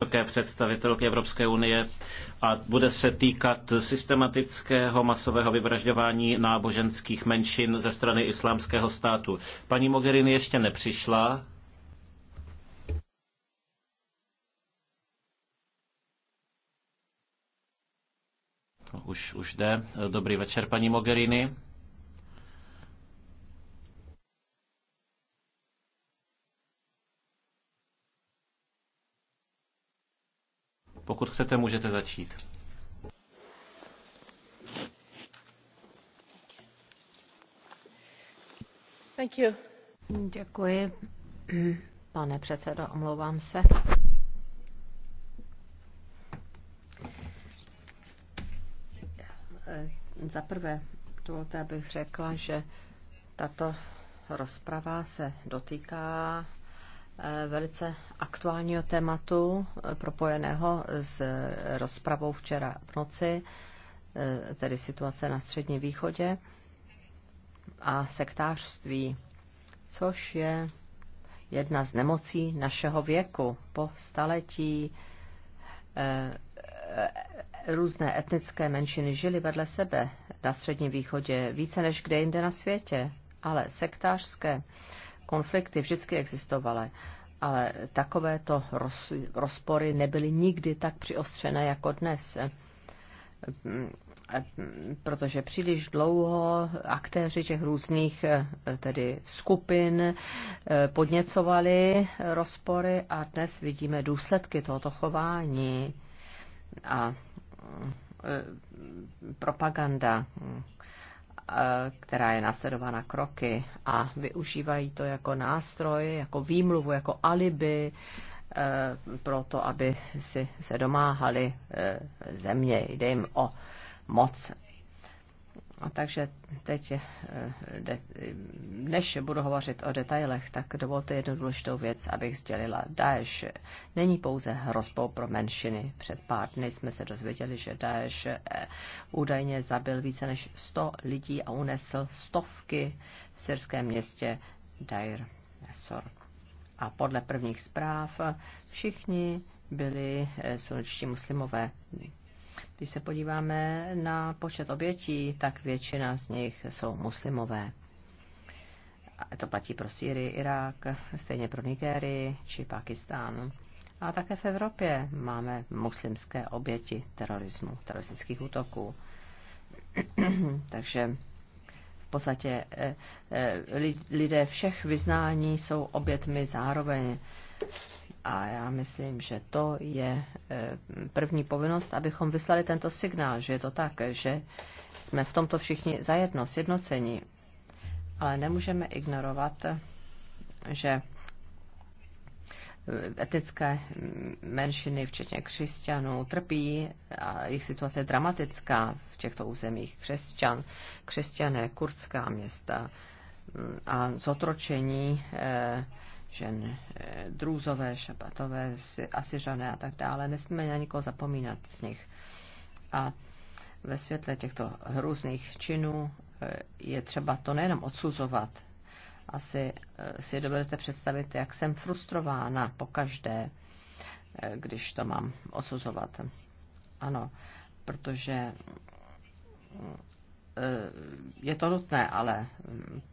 vysoké představitelky Evropské unie a bude se týkat systematického masového vyvražďování náboženských menšin ze strany islámského státu. Paní Mogherini ještě nepřišla. No, už, už jde. Dobrý večer, paní Mogherini. Pokud chcete, můžete začít. Thank you. Děkuji, pane předsedo, omlouvám se. Za prvé, dovolte, abych řekla, že tato rozprava se dotýká Eh, velice aktuálního tématu, eh, propojeného s eh, rozpravou včera v noci, tedy situace na Středním východě a sektářství, což je jedna z nemocí našeho věku. Po staletí různé etnické menšiny žily vedle sebe na Středním východě více než kde jinde na světě, ale sektářské eh, konflikty vždycky existovaly, ale takovéto roz, rozpory nebyly nikdy tak přiostřené jako dnes protože příliš dlouho aktéři těch různých tedy skupin podněcovali rozpory a dnes vidíme důsledky tohoto chování a e, propaganda, Eh, která je následována kroky a využívají to jako nástroj, jako výmluvu, jako alibi eh, pro to, aby si se domáhali eh, země. Jde jim o moc a takže teď, eh, než budu hovořit o detailech, tak dovolte jednu důležitou věc, abych sdělila. Daesh není pouze hrozbou pro menšiny. Před pár dny jsme se dozvěděli, že Daesh eh, údajně zabil více než 100 lidí a unesl stovky v syrském městě Dair Esor. A podle prvních zpráv všichni byli eh, slunečtí muslimové když se podíváme na počet obětí, tak většina z nich jsou muslimové. A to platí pro Sýrii, Irák, stejně pro Nigérii či Pakistán. A také v Evropě máme muslimské oběti terorismu, teroristických útoků. Takže v podstatě eh, eh, lidé všech vyznání jsou obětmi zároveň. A já myslím, že to je eh, první povinnost, abychom vyslali tento signál, že je to tak, že jsme v tomto všichni zajedno, sjednocení. Ale nemůžeme ignorovat, že eh, etnické menšiny, včetně křesťanů, trpí a jejich situace je dramatická v těchto územích. Křesťan, křesťané, kurdská města mm, a zotročení eh, žen eh, drůzové, šabatové, asižané a tak dále. Nesmíme na nikoho zapomínat z nich. A ve světle těchto hrůzných činů eh, je třeba to nejenom odsuzovat, asi eh, si dovedete představit, jak jsem frustrována pokaždé, když to mám odsuzovat. Ano, protože je to nutné, ale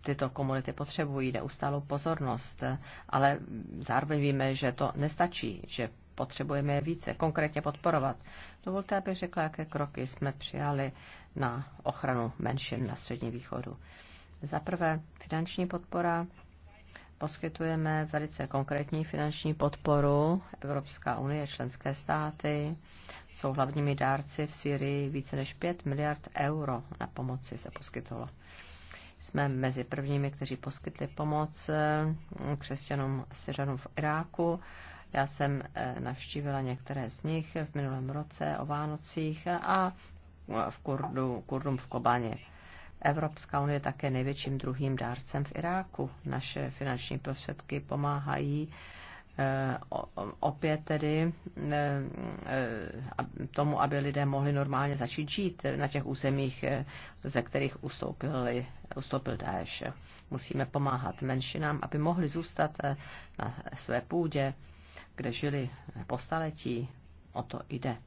tyto komunity potřebují neustálou pozornost, ale zároveň víme, že to nestačí, že potřebujeme je více konkrétně podporovat. Dovolte, abych řekla, jaké kroky jsme přijali na ochranu menšin na Středním východu. Za prvé, finanční podpora poskytujeme velice konkrétní finanční podporu. Evropská unie, členské státy jsou hlavními dárci v Syrii. Více než 5 miliard euro na pomoci se poskytovalo. Jsme mezi prvními, kteří poskytli pomoc eh, křesťanům Syřanům v Iráku. Já jsem eh, navštívila některé z nich v minulém roce o Vánocích a v Kurdu, Kurdům v Kobaně Evropská unie je také největším druhým dárcem v Iráku. Naše finanční prostředky pomáhají eh, opět tedy eh, eh, tomu, aby lidé mohli normálně začít žít na těch územích, ze kterých ustoupili, ustoupil Daesh. Musíme pomáhat menšinám, aby mohli zůstat na své půdě, kde žili po staletí. O to jde.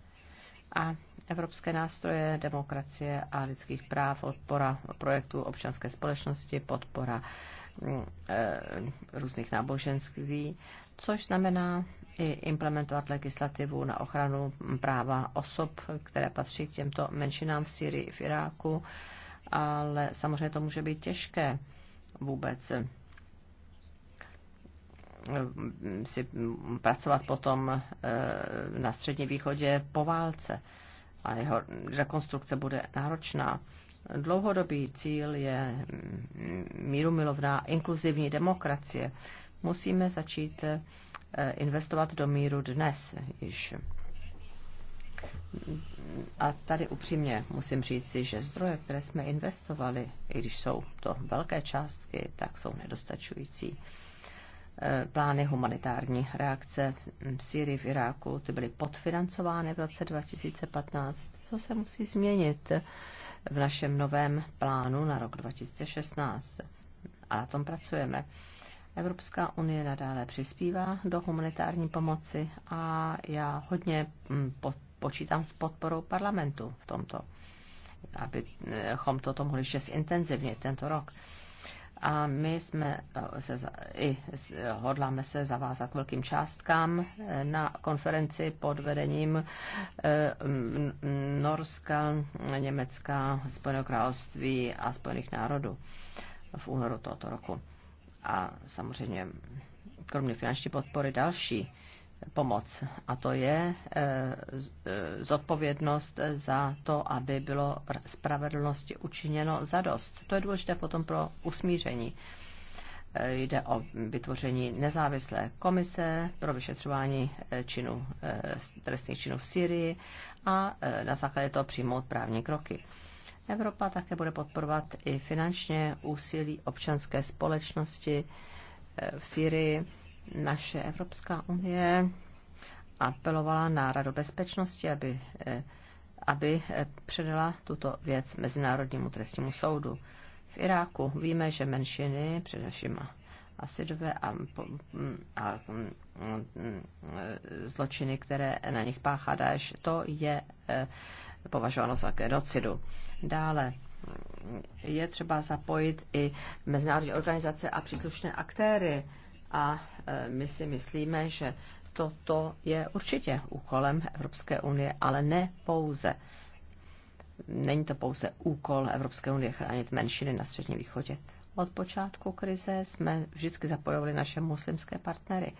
A evropské nástroje demokracie a lidských práv, odpora projektů občanské společnosti, podpora mm, eh, různých náboženství, což znamená i implementovat legislativu na ochranu práva osob, které patří k těmto menšinám v Syrii i v Iráku, ale samozřejmě to může být těžké vůbec eh, si pracovat potom eh, na střední východě po válce a jeho rekonstrukce bude náročná. Dlouhodobý cíl je mírumilovná inkluzivní demokracie. Musíme začít eh, investovat do míru dnes již. A tady upřímně musím říci, že zdroje, které jsme investovali, i když jsou to velké částky, tak jsou nedostačující. Eh, plány humanitární reakce v Syrii, v Iráku, ty byly podfinancovány v roce 2015. Co se musí změnit v našem novém plánu na rok 2016? A na tom pracujeme. Evropská unie nadále přispívá do humanitární pomoci a já hodně mm, počítám s podporou parlamentu v tomto, abychom toto mohli ještě zintenzivnit tento rok a my jsme eh, se, i hodláme se zavázat velkým částkám eh, na konferenci pod vedením eh, Norska, Německa, Spojeného království a Spojených národů v únoru tohoto roku. A samozřejmě kromě finanční podpory další pomoc. A to je eh, eh, zodpovědnost za to, aby bylo spravedlnosti učiněno zadost. To je důležité potom pro usmíření. Eh, jde o vytvoření nezávislé komise pro vyšetřování činů, trestných činů v Syrii a na základě toho přijmout právní kroky. Evropa také bude podporovat i finančně úsilí občanské společnosti v Syrii naše Evropská unie apelovala na Radu bezpečnosti, aby, eh, aby eh, předala tuto věc Mezinárodnímu trestnímu soudu. V Iráku víme, že menšiny, především asidové a, a, a mm, mm, zločiny, které na nich páchá Daesh, to je eh, považováno za genocidu. Dále mm, je třeba zapojit i mezinárodní organizace a příslušné aktéry a e, my si myslíme, že toto je určitě úkolem Evropské unie, ale ne pouze. Není to pouze úkol Evropské unie chránit menšiny na Středním východě. Od počátku krize jsme vždycky zapojovali naše muslimské partnery,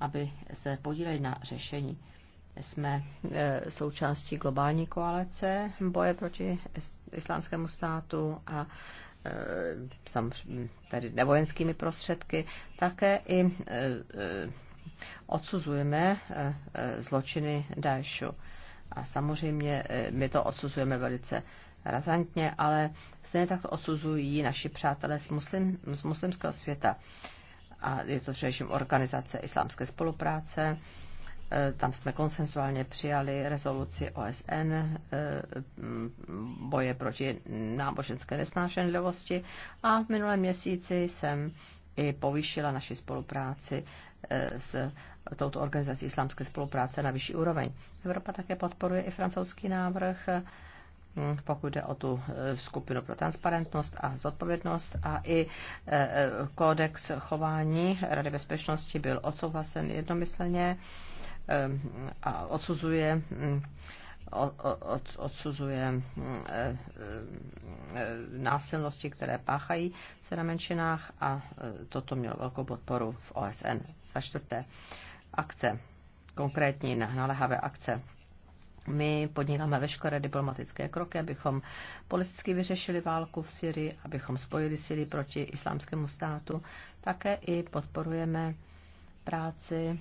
aby se podíleli na řešení. Jsme e, součástí globální koalice boje proti islámskému státu a Eh, tedy nevojenskými prostředky, také i eh, eh, odsuzujeme zločiny Daeshu. A samozřejmě my to odsuzujeme velice razantně, ale stejně tak to odsuzují naši přátelé z, muslim, z muslimského světa. A je to především organizace islámské spolupráce, Eh, tam jsme konsensuálně přijali rezoluci OSN eh, mm, boje proti náboženské nesnášenlivosti a v minulém měsíci jsem i povýšila naši spolupráci eh, s touto organizací islámské spolupráce na vyšší úroveň. Evropa také podporuje i francouzský návrh, mm, pokud jde o tu skupinu pro transparentnost a zodpovědnost a i kódex chování Rady bezpečnosti byl odsouhlasen jednomyslně a odsuzuje mm, odsuzuje mm, eh, eh, násilnosti, které páchají se na menšinách a eh, toto mělo velkou podporu v OSN. Za čtvrté, akce, konkrétní naléhavé akce. My podnikáme veškeré diplomatické kroky, abychom politicky vyřešili válku v Syrii, abychom spojili síly proti islámskému státu. Také i podporujeme práci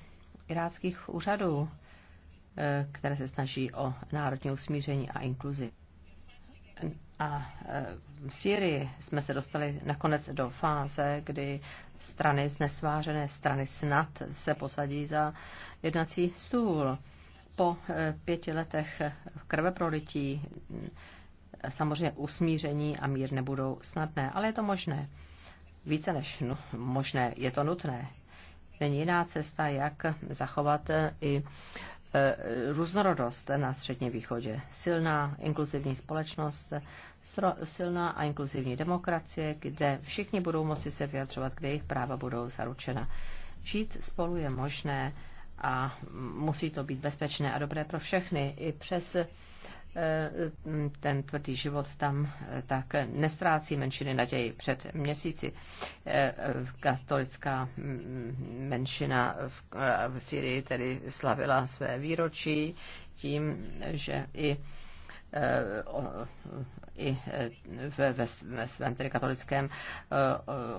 iráckých úřadů, eh, které se snaží o národní usmíření a inkluzi. A eh, v Syrii jsme se dostali nakonec do fáze, kdy strany znesvážené, strany snad se posadí za jednací stůl. Po eh, pěti letech krveprolití mm, samozřejmě usmíření a mír nebudou snadné, ale je to možné. Více než no, možné, je to nutné není jiná cesta, jak zachovat eh, i eh, různorodost na Středním východě. Silná inkluzivní společnost, silná a inkluzivní demokracie, kde všichni budou moci se vyjadřovat, kde jejich práva budou zaručena. Žít spolu je možné a musí to být bezpečné a dobré pro všechny, i přes Eh, ten tvrdý život tam, eh, tak nestrácí menšiny naději. Před měsíci eh, katolická mm, menšina v, Syrii tedy slavila své výročí tím, že i i ve, ve, ve svém tedy katolickém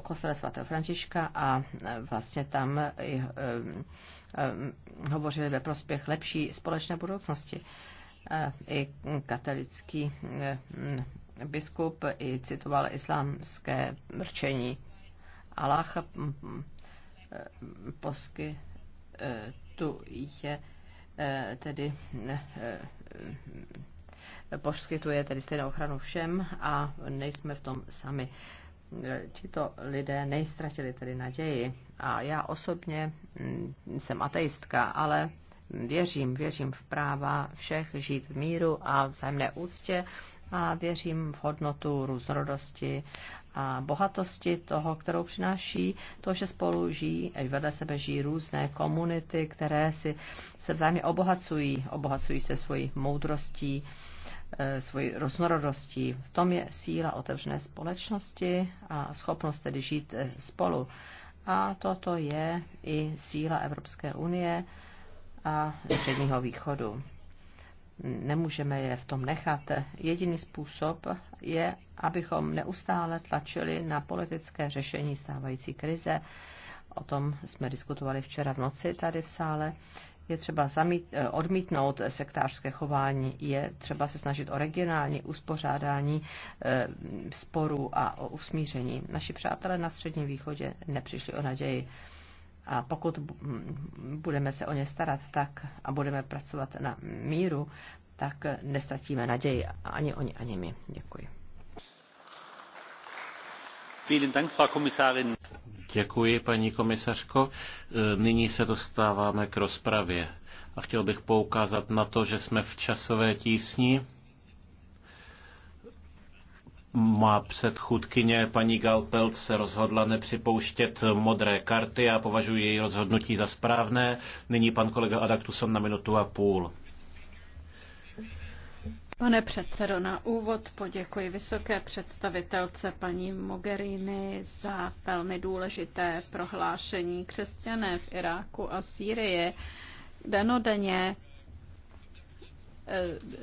kostele svatého Františka a vlastně tam i hovořili ve prospěch lepší společné budoucnosti. Eh, i katolický eh, biskup i citoval islámské mrčení. Allah mm, mm, eh, posky tu je tedy poskytuje tedy stejnou ochranu všem a nejsme v tom sami. Tito lidé nejstratili tedy naději. A já osobně mm, jsem ateistka, ale Věřím, věřím v práva všech žít v míru a vzájemné úctě a věřím v hodnotu různorodosti a bohatosti toho, kterou přináší to, že spolu žijí, vedle sebe žijí různé komunity, které si se vzájemně obohacují, obohacují se svojí moudrostí, eh, svojí různorodostí. V tom je síla otevřené společnosti a schopnost tedy žít eh, spolu. A toto je i síla Evropské unie, a Středního východu. Nemůžeme je v tom nechat. Jediný způsob je, abychom neustále tlačili na politické řešení stávající krize. O tom jsme diskutovali včera v noci tady v sále. Je třeba zamít, eh, odmítnout sektářské chování, je třeba se snažit o regionální uspořádání eh, sporů a o usmíření. Naši přátelé na Středním východě nepřišli o naději. A pokud budeme se o ně starat tak a budeme pracovat na míru, tak nestratíme naději ani oni, ani my. Děkuji. Děkuji, paní komisařko. E, nyní se dostáváme k rozpravě. A chtěl bych poukázat na to, že jsme v časové tísni má předchůdkyně paní Galpelt se rozhodla nepřipouštět modré karty. a považuji její rozhodnutí za správné. Nyní pan kolega Adaktuson na minutu a půl. Pane předsedo, na úvod poděkuji vysoké představitelce paní Mogherini za velmi důležité prohlášení křesťané v Iráku a Sýrii denodenně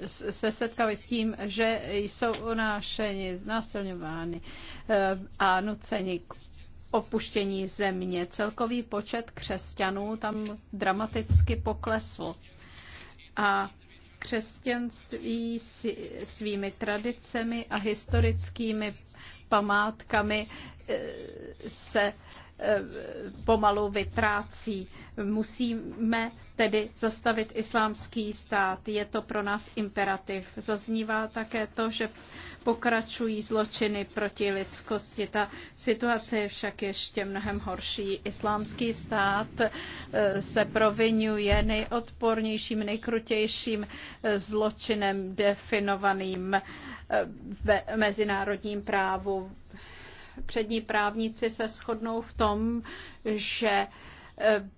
se setkali s tím, že jsou unášeni, znásilňováni eh, a nuceni k opuštění země. Celkový počet křesťanů tam dramaticky poklesl. A křesťanství svými tradicemi a historickými památkami eh, se Eh, pomalu vytrácí. Musíme tedy zastavit islámský stát. Je to pro nás imperativ. Zaznívá také to, že pokračují zločiny proti lidskosti. Ta situace je však ještě mnohem horší. Islámský stát eh, se provinuje nejodpornějším, nejkrutějším eh, zločinem definovaným v mezinárodním právu přední právníci se shodnou v tom, že eh,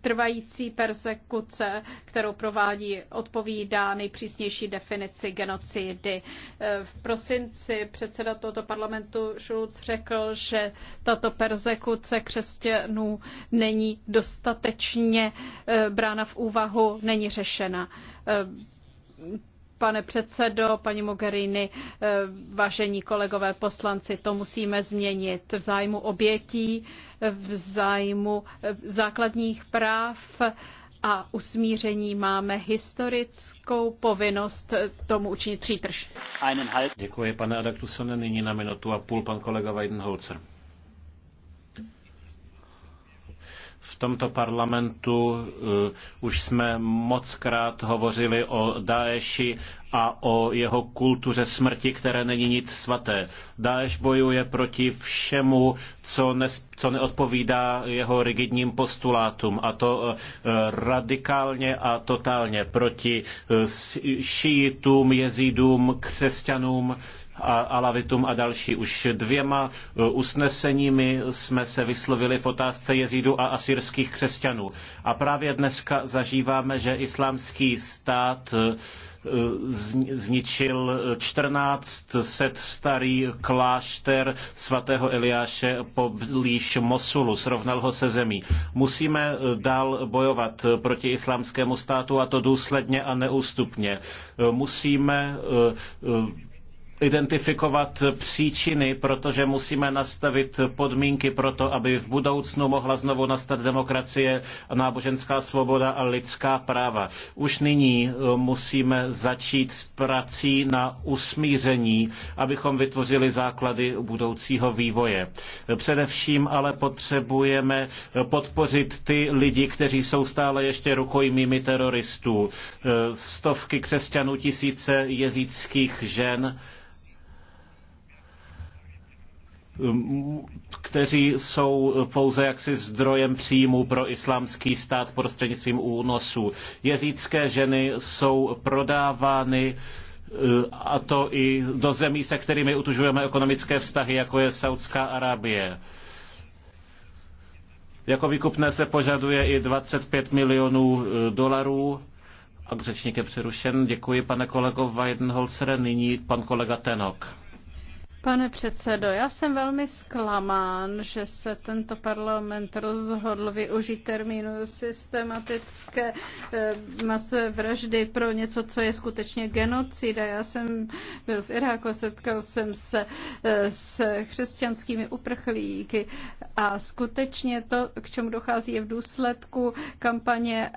trvající persekuce, kterou provádí, odpovídá nejpřísnější definici genocidy. Eh, v prosinci předseda tohoto parlamentu Schulz řekl, že tato persekuce křesťanů není dostatečně eh, brána v úvahu, není řešena pane předsedo, paní Mogherini, eh, vážení kolegové poslanci, to musíme změnit v zájmu obětí, v zájmu eh, základních práv a usmíření máme historickou povinnost eh, tomu učinit přítrž. Děkuji, pane Adaktusone. Nyní na minutu a půl pan kolega Weidenholzer. tomto parlamentu eh, už jsme mockrát hovořili o Daeši a o jeho kultuře smrti, které není nic svaté. Daeš bojuje proti všemu, co, ne, co neodpovídá jeho rigidním postulátům, a to eh, radikálně a totálně proti eh, šijitům, jezídům, křesťanům, a Alavitum a další. Už dvěma e, usneseními jsme se vyslovili v otázce jezídu a asyrských křesťanů. A právě dneska zažíváme, že islámský stát e, zničil 1400 starý klášter svatého Eliáše poblíž Mosulu, srovnal ho se zemí. Musíme e, dál bojovat proti islámskému státu a to důsledně a neústupně. Musíme identifikovat příčiny, protože musíme nastavit podmínky pro to, aby v budoucnu mohla znovu nastat demokracie, náboženská svoboda a lidská práva. Už nyní eh, musíme začít s prací na usmíření, abychom vytvořili základy budoucího vývoje. Především ale potřebujeme eh, podpořit ty lidi, kteří jsou stále ještě rukojmími teroristů. Eh, stovky křesťanů, tisíce jezíckých žen, kteří jsou pouze jaksi zdrojem příjmu pro islámský stát prostřednictvím únosů. Jezícké ženy jsou prodávány e, a to i do zemí, se kterými utužujeme ekonomické vztahy, jako je Saudská Arábie. Jako výkupné se požaduje i 25 milionů e, dolarů. A řečník je přerušen. Děkuji, pane kolego Weidenholzere. Nyní pan kolega Tenok. Pane předsedo, já jsem velmi zklamán, že se tento parlament rozhodl využít termínu systematické eh, masové vraždy pro něco, co je skutečně genocida. Já jsem byl v Iráku, setkal jsem se eh, s křesťanskými uprchlíky a skutečně to, k čemu dochází, je v důsledku kampaně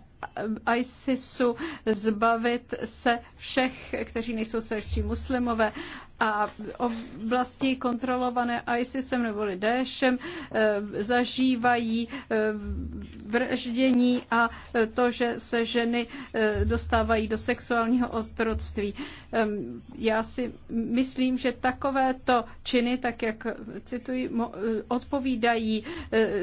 ISISu, zbavit se všech, kteří nejsou srdčí muslimové a oblasti kontrolované ISISem nebo Daeshem eh, zažívají eh, vraždění a to, že se ženy eh, dostávají do sexuálního otroctví. Já si myslím, že takovéto činy, tak jak cituji, odpovídají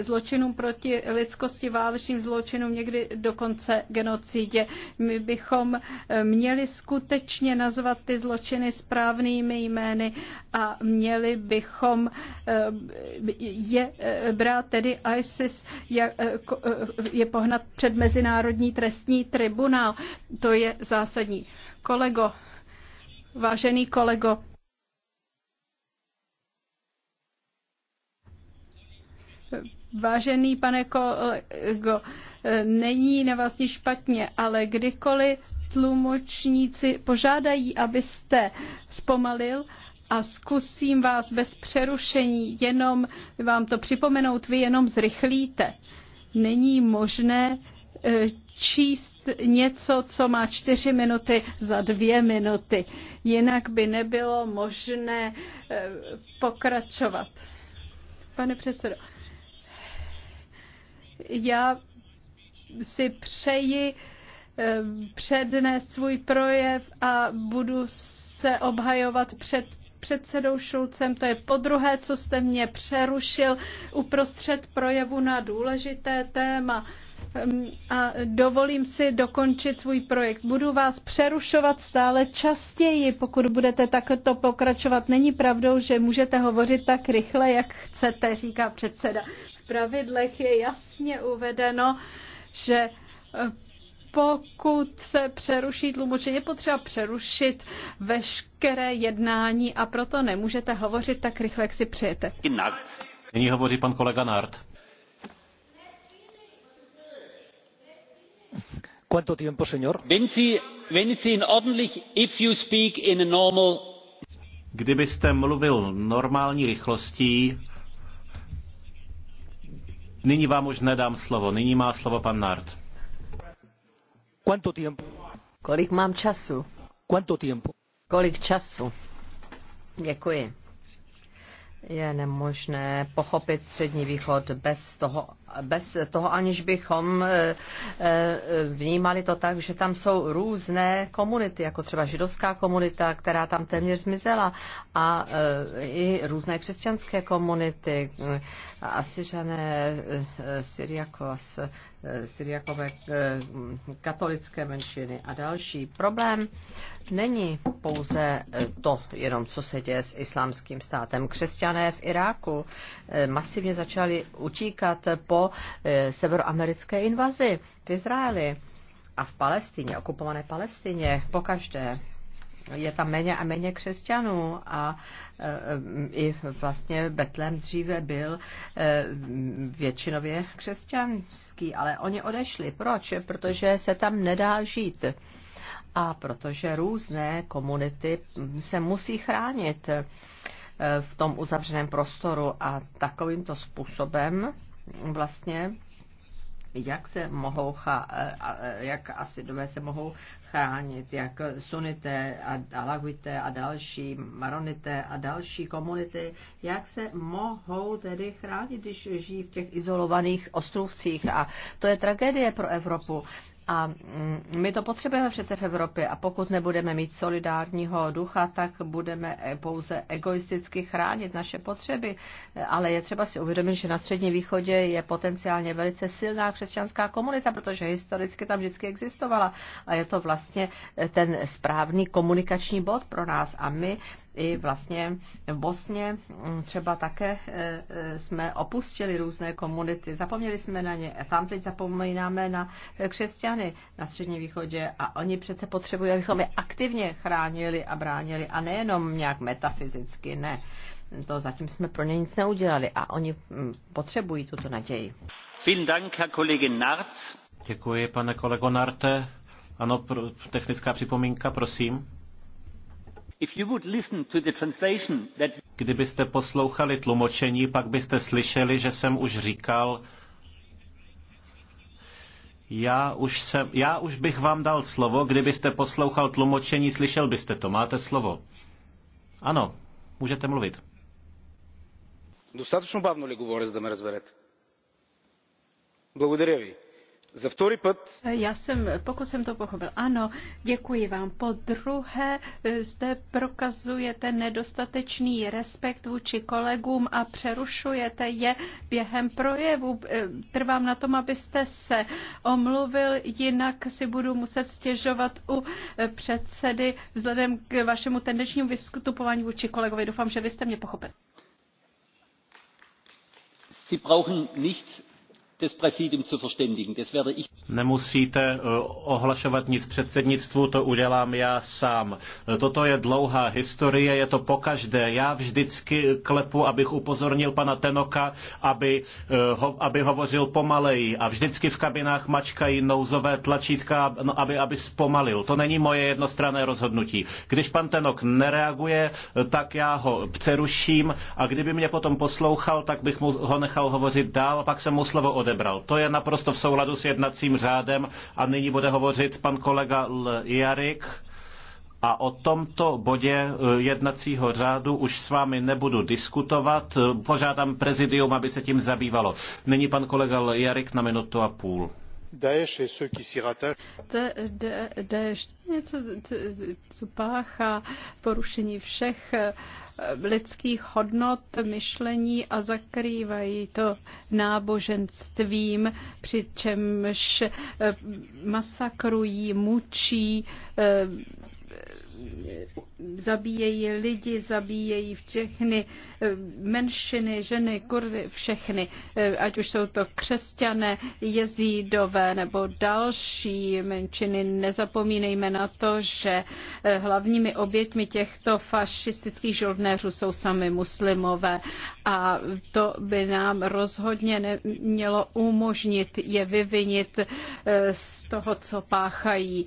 zločinům proti lidskosti, válečným zločinům, někdy dokonce se genocidě. My bychom eh, měli skutečně nazvat ty zločiny správnými jmény a měli bychom eh, je eh, brát tedy ISIS je, je pohnat před Mezinárodní trestní tribunál. To je zásadní. Kolego, vážený kolego, Vážený pane kolego, není na vás nic špatně, ale kdykoliv tlumočníci požádají, abyste zpomalil, a zkusím vás bez přerušení jenom vám to připomenout, vy jenom zrychlíte. Není možné eh, číst něco, co má čtyři minuty za dvě minuty. Jinak by nebylo možné eh, pokračovat. Pane předsedo, já si přeji eh, přednést svůj projev a budu se obhajovat před předsedou Šulcem. To je podruhé, co jste mě přerušil uprostřed projevu na důležité téma ehm, a dovolím si dokončit svůj projekt. Budu vás přerušovat stále častěji, pokud budete takto pokračovat. Není pravdou, že můžete hovořit tak rychle, jak chcete, říká předseda. V pravidlech je jasně uvedeno, že eh, pokud se přeruší tlumočení, je potřeba přerušit veškeré jednání a proto nemůžete hovořit tak rychle, jak si přejete. Nyní hovoří pan kolega Nart. Cuánto tiempo, señor? Wenn Sie, wenn Sie in ordentlich, if you speak in a normal... Kdybyste mluvil normální rychlostí, Nyní vám už nedám slovo. Nyní má slovo pan Nard. Kolik mám času? Kolik času? Děkuji je nemožné pochopit Střední východ bez toho, bez toho aniž bychom eh, eh, vnímali to tak, že tam jsou různé komunity, jako třeba židovská komunita, která tam téměř zmizela, a eh, i různé křesťanské komunity, Asiřané, Syriakos, Syriakové, eh, katolické menšiny a další. Problém není pouze eh, to, jenom co se děje s islámským státem. Křesťané v Iráku eh, masivně začali utíkat po severoamerické invazi v Izraeli a v Palestině, okupované Palestině, pokaždé je tam méně a méně křesťanů a e, e, i vlastně Betlem dříve byl e, většinově křesťanský, ale oni odešli. Proč? Protože se tam nedá žít. A protože různé komunity se musí chránit v tom uzavřeném prostoru a takovýmto způsobem vlastně jak se mohou, jak asi lidé se mohou chránit, jak sunité a alaguité a další, maronité a další komunity, jak se mohou tedy chránit, když žijí v těch izolovaných ostrovcích. A to je tragédie pro Evropu. A mm, my to potřebujeme přece v Evropě a pokud nebudeme mít solidárního ducha, tak budeme eh, pouze egoisticky chránit naše potřeby. Ale je třeba si uvědomit, že na Středním východě je potenciálně velice silná křesťanská komunita, protože historicky tam vždycky existovala a je to vlastně eh, ten správný komunikační bod pro nás a my i vlastně v Bosně mm, třeba také e, e, jsme opustili různé komunity, zapomněli jsme na ně. A tam teď zapomínáme na křesťany na Středním východě a oni přece potřebují, abychom je aktivně chránili a bránili a nejenom nějak metafyzicky, ne. To zatím jsme pro ně nic neudělali a oni mm, potřebují tuto naději. Vielen Dank, Herr Kollege Nartz. Děkuji, pane kolego Narte. Ano, technická připomínka, prosím. Kdybyste poslouchali tlumočení, pak byste slyšeli, že jsem už říkal, já už, jsem, já už bych vám dal slovo, kdybyste poslouchal tlumočení, slyšel byste to. Máte slovo. Ano, můžete mluvit. Dostatečně bavno li говоря, за да ме Благодаря ви za Já jsem, pokud jsem to pochopil, ano, děkuji vám. Podruhé zde prokazujete nedostatečný respekt vůči kolegům a přerušujete je během projevu. Trvám na tom, abyste se omluvil, jinak si budu muset stěžovat u předsedy vzhledem k vašemu tendenčnímu vystupování vůči kolegovi. Doufám, že vy jste mě pochopil. Nemusíte eh, ohlašovat nic předsednictvu, to udělám já sám. Eh, toto je dlouhá historie, je to pokaždé. Já vždycky klepu, abych upozornil pana Tenoka, aby, eh, ho, aby hovořil pomaleji. A vždycky v kabinách mačkají nouzové tlačítka, no, aby, aby zpomalil. To není moje jednostranné rozhodnutí. Když pan Tenok nereaguje, tak já ho přeruším a kdyby mě potom poslouchal, tak bych mu ho nechal hovořit dál a pak jsem mu slovo odebral odebral. To je naprosto v souladu s jednacím řádem a nyní bude hovořit pan kolega L. Jarik. A o tomto bodě eh, jednacího řádu už s vámi nebudu diskutovat. Požádám prezidium, aby se tím zabývalo. Nyní pan kolega L. Jarik na minutu a půl. Daesh et ceux qui s'y rattachent. Daesh něco, co páchá porušení všech eh, lidských hodnot, myšlení a zakrývají to náboženstvím, přičemž eh, masakrují, mučí, eh, zabíjejí lidi, zabíjejí všechny eh, menšiny, ženy, kurvy, všechny, eh, ať už jsou to křesťané, jezídové nebo další menšiny. Nezapomínejme na to, že eh, hlavními oběťmi těchto fašistických žoldnéřů jsou sami muslimové a to by nám rozhodně nemělo umožnit je vyvinit z toho, co páchají.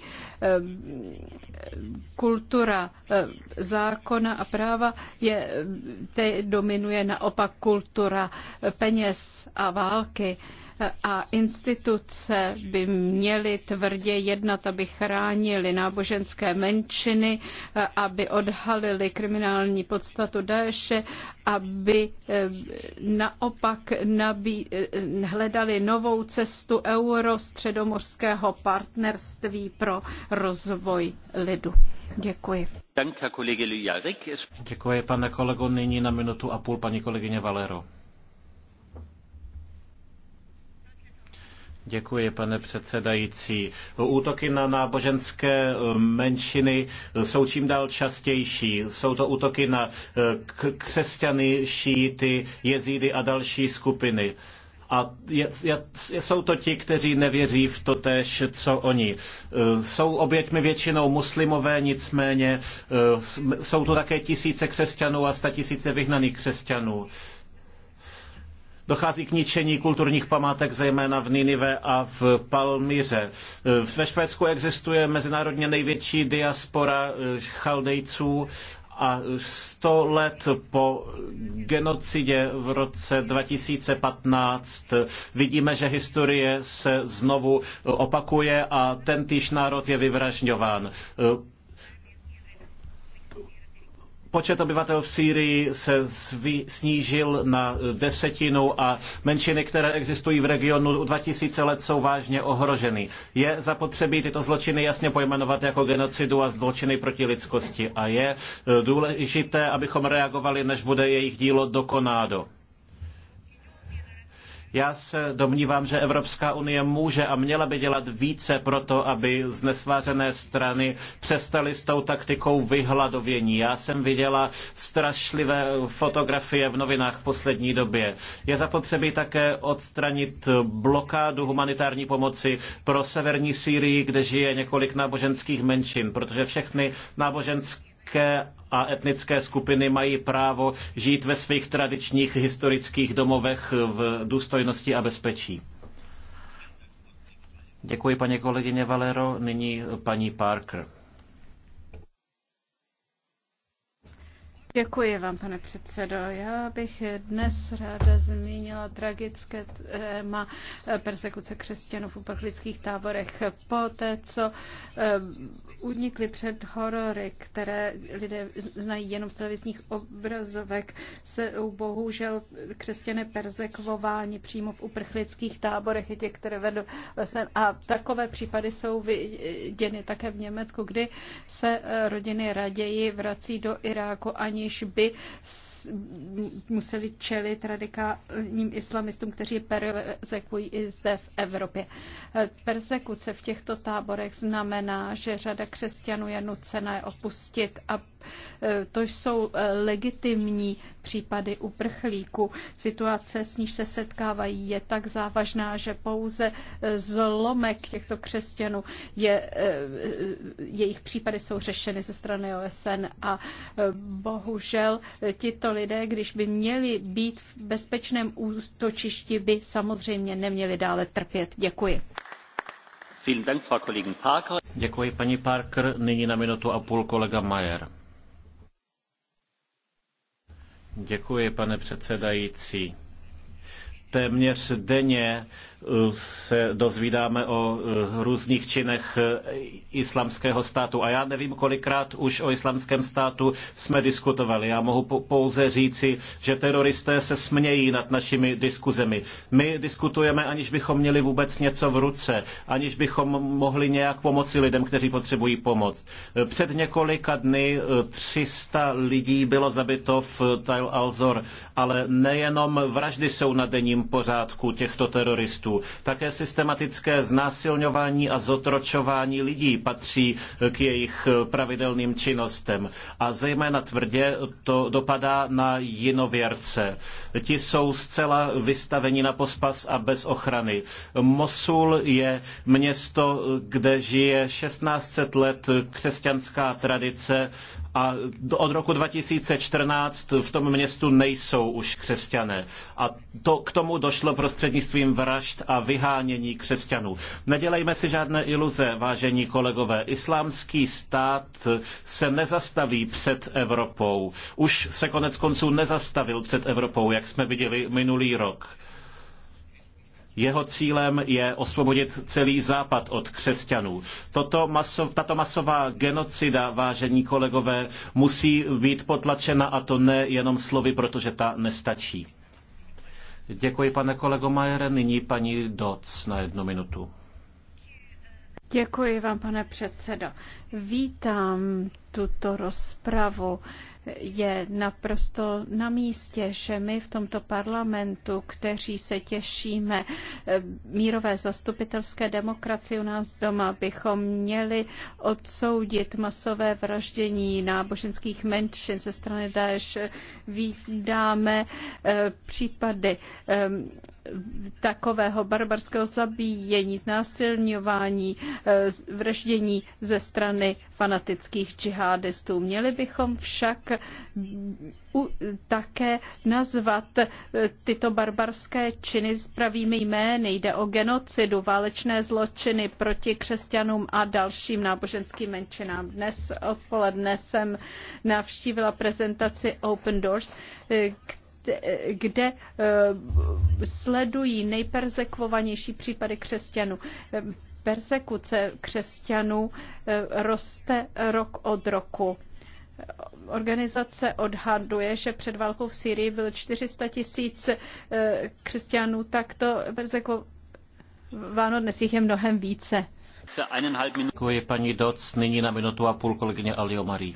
Kult kultura eh, zákona a práva je, te dominuje naopak kultura eh, peněz a války eh, a instituce by měly tvrdě jednat, aby chránili náboženské menšiny, aby odhalili kriminální podstatu Daeše, aby naopak nabí, hledali novou cestu euro středomorského partnerství pro rozvoj lidu. Děkuji. Děkuji, pane kolego. Nyní na minutu a půl paní kolegyně Valero. Děkuji, pane předsedající. Útoky na náboženské eh, menšiny jsou čím dál častější. Jsou to útoky na eh, křesťany, šíity, jezídy a další skupiny. A je, je, jsou to ti, kteří nevěří v to tež, co oni. E, jsou oběťmi většinou muslimové, nicméně e, jsou tu také tisíce křesťanů a statisíce vyhnaných křesťanů. Dochází k ničení kulturních památek, zejména v Ninive a v Palmíře. E, ve Švédsku existuje mezinárodně největší diaspora chaldejců a 100 let po genocidě v roce 2015 vidíme, že historie se znovu opakuje a ten týž národ je vyvražňován. Počet obyvatel v Sýrii se snížil na desetinu a menšiny, které existují v regionu 2000 let, jsou vážně ohroženy. Je zapotřebí tyto zločiny jasně pojmenovat jako genocidu a zločiny proti lidskosti a je e, důležité, abychom reagovali, než bude jejich dílo dokonádo. Já se domnívám, že Evropská unie může a měla by dělat více pro to, aby znesvářené strany přestaly s tou taktikou vyhladovění. Já jsem viděla strašlivé fotografie v novinách v poslední době. Je zapotřebí také odstranit blokádu humanitární pomoci pro severní Sýrii, kde žije několik náboženských menšin, protože všechny náboženské a etnické skupiny mají právo žít ve svých tradičních historických domovech v důstojnosti a bezpečí. Děkuji paní kolegyně Valero, nyní paní Parker. Děkuji vám, pane předsedo. Já bych dnes ráda zmínila tragické téma persekuce křesťanů v uprchlických táborech. Po té, co eh, unikly před horory, které lidé znají jenom z televizních obrazovek, se bohužel křesťané persekvováni přímo v uprchlických táborech, i těch, které vedou lesen. A takové případy jsou viděny také v Německu, kdy se eh, rodiny raději vrací do Iráku ani aniž by museli čelit radikálním islamistům, kteří persekují i zde v Evropě. Persekuce v těchto táborech znamená, že řada křesťanů je nucena je opustit a e, to jsou e, legitimní případy uprchlíků. Situace, s níž se setkávají, je tak závažná, že pouze e, zlomek těchto křesťanů je, jejich případy jsou řešeny ze strany OSN a bohužel tito lidé, když by měli být v bezpečném útočišti, by samozřejmě neměli dále trpět. Děkuji. Děkuji paní Parker. Nyní na minutu a půl kolega Mayer. Děkuji, pane předsedající. Téměř denně se dozvídáme o eh, různých činech eh, islamského státu. A já nevím, kolikrát už o islamském státu jsme diskutovali. Já mohu pouze říci, že teroristé se smějí nad našimi diskuzemi. My diskutujeme, aniž bychom měli vůbec něco v ruce, aniž bychom mohli nějak pomoci lidem, kteří potřebují pomoc. Eh, před několika dny 300 lidí bylo zabito v Tal Alzor, ale nejenom vraždy jsou na denním pořádku těchto teroristů teroristů. Také systematické znásilňování a zotročování lidí patří eh, k jejich eh, pravidelným činnostem. A zejména tvrdě to dopadá na jinověrce. Ti jsou zcela vystaveni na pospas a bez ochrany. Mosul je město, eh, kde žije 1600 let křesťanská tradice a od roku 2014 v tom městu nejsou už křesťané. A to k tomu došlo prostřednictvím vražd a vyhánění křesťanů. Nedělejme si žádné iluze, vážení kolegové. Islámský stát se nezastaví před Evropou. Už se konec konců nezastavil před Evropou, jak jsme viděli minulý rok. Jeho cílem je osvobodit celý západ od křesťanů. Toto maso, tato masová genocida, vážení kolegové, musí být potlačena a to ne jenom slovy, protože ta nestačí. Děkuji, pane kolego Majere. Nyní paní Doc na jednu minutu. Děkuji vám, pane předsedo. Vítám tuto rozpravu. Je naprosto na místě, že my v tomto parlamentu, kteří se těšíme eh, mírové zastupitelské demokracii u nás doma, bychom měli odsoudit masové vraždění náboženských menšin ze strany Daesh. Vítáme eh, případy eh, takového barbarského zabíjení, znásilňování, eh, vraždění ze strany fanatických džihadistů. Měli bychom však také nazvat eh, tyto barbarské činy s pravými jmény. Jde o genocidu, válečné zločiny proti křesťanům a dalším náboženským menšinám. Dnes odpoledne jsem navštívila prezentaci Open Doors, která eh, kde eh, sledují nejperzekvovanější případy křesťanů. Persekuce křesťanů eh, roste rok od roku. Organizace odhaduje, že před válkou v Syrii bylo 400 tisíc eh, křesťanů takto persekováno, dnes jich je mnohem více. Děkuji paní Doc, nyní na minutu a půl kolegyně Alio Marie.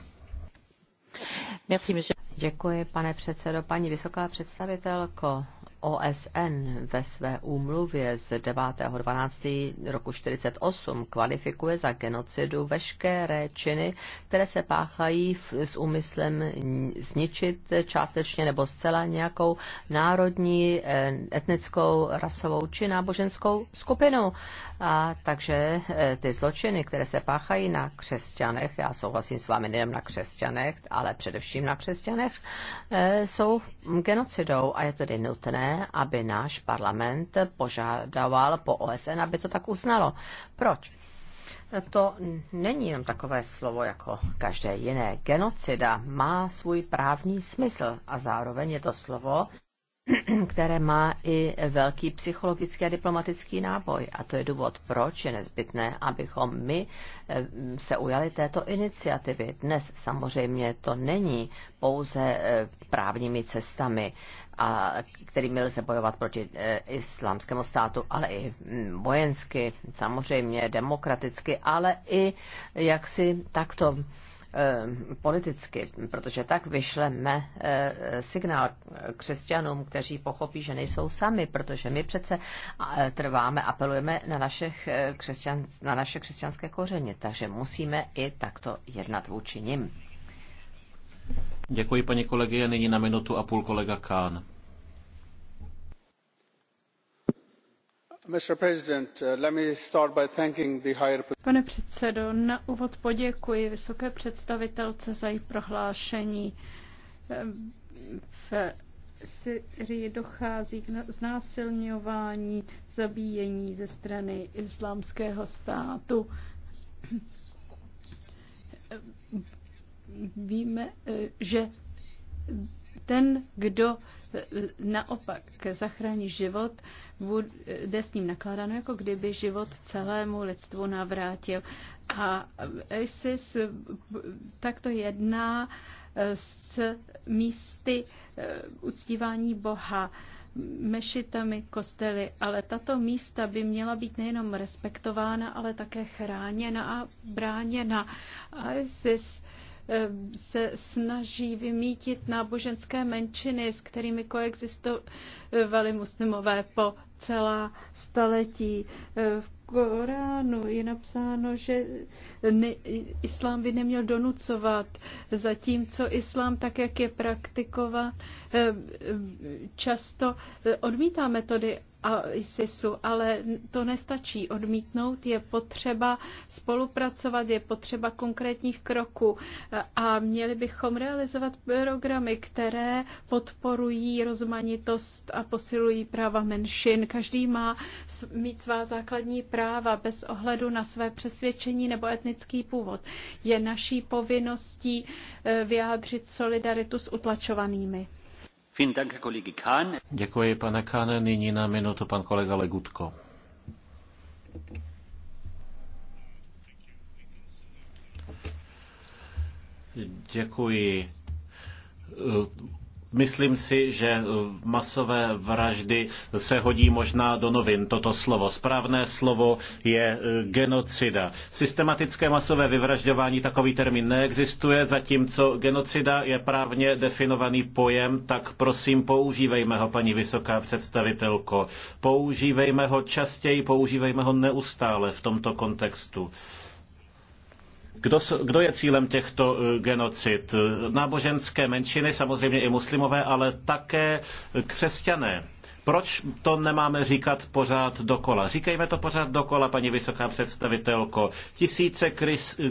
Merci, monsieur. Děkuji, pane předsedo. Paní vysoká představitelko, OSN ve své úmluvě z 9.12. roku 48 kvalifikuje za genocidu veškeré činy, které se páchají v, s úmyslem zničit částečně nebo zcela nějakou národní, eh, etnickou, rasovou či náboženskou skupinu. A takže e, ty zločiny, které se páchají na křesťanech, já souhlasím s vámi nejen na křesťanech, ale především na křesťanech, e, jsou genocidou a je tedy nutné, aby náš parlament požadoval po OSN, aby to tak uznalo. Proč? To není jenom takové slovo jako každé jiné. Genocida má svůj právní smysl a zároveň je to slovo, které má i velký psychologický a diplomatický náboj. A to je důvod, proč je nezbytné, abychom my eh, se ujali této iniciativy. Dnes samozřejmě to není pouze eh, právními cestami, a kterými lze bojovat proti eh, islámskému státu, ale i hm, vojensky, samozřejmě demokraticky, ale i jaksi takto Eh, politicky, protože tak vyšleme eh, signál křesťanům, kteří pochopí, že nejsou sami, protože my přece eh, trváme, apelujeme na, našich křesťan, na naše křesťanské kořeny, takže musíme i takto jednat vůči nim. Děkuji paní kolegy, nyní na minutu a půl kolega Kán. Uh, Pane předsedající, na úvod poděkuji vysoké představitelce za její prohlášení. V sýrii dochází k znásilňování, zabíjení ze strany islámského státu. Víme, že ten, kdo eh, naopak zachrání život, bude s ním nakládáno, jako kdyby život celému lidstvu navrátil. A ISIS takto jedná eh, s místy eh, uctívání Boha, mešitami, kostely, ale tato místa by měla být nejenom respektována, ale také chráněna a bráněna. ISIS Eh, se snaží vymítit náboženské menšiny, s kterými koexistovali muslimové po celá staletí. Eh, v Koránu je napsáno, že ne, islám by neměl donucovat, zatímco islám, tak jak je praktikován, eh, často odmítá metody a ISISu, ale to nestačí odmítnout, je potřeba spolupracovat, je potřeba konkrétních kroků a měli bychom realizovat programy, které podporují rozmanitost a posilují práva menšin. Každý má mít svá základní práva bez ohledu na své přesvědčení nebo etnický původ. Je naší povinností eh, vyjádřit solidaritu s utlačovanými. Děkuji, pane Kane. Nyní na minutu pan kolega Legutko. Děkuji Myslím si, že eh, masové vraždy se hodí možná do novin toto slovo. Správné slovo je eh, genocida. Systematické masové vyvražďování takový termín neexistuje, zatímco genocida je právně definovaný pojem, tak prosím používejme ho, paní vysoká představitelko. Používejme ho častěji, používejme ho neustále v tomto kontextu. Kdo, kdo je cílem těchto eh, genocid? Náboženské menšiny, samozřejmě i muslimové, ale také křesťané. Proč to nemáme říkat pořád dokola? Říkejme to pořád dokola, paní vysoká představitelko. Tisíce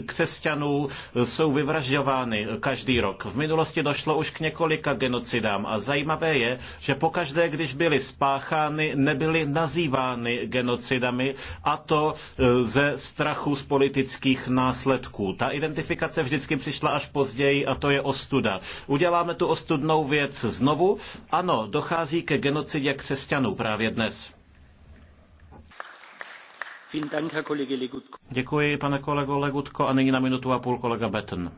křesťanů jsou vyvražďovány každý rok. V minulosti došlo už k několika genocidám a zajímavé je, že pokaždé, když byly spáchány, nebyly nazývány genocidami a to e, ze strachu z politických následků. Ta identifikace vždycky přišla až později a to je ostuda. Uděláme tu ostudnou věc znovu. Ano, dochází ke genocidě křesťanů právě dnes. Děkuji, pane kolego Legutko, a nyní na minutu a půl kolega Betten.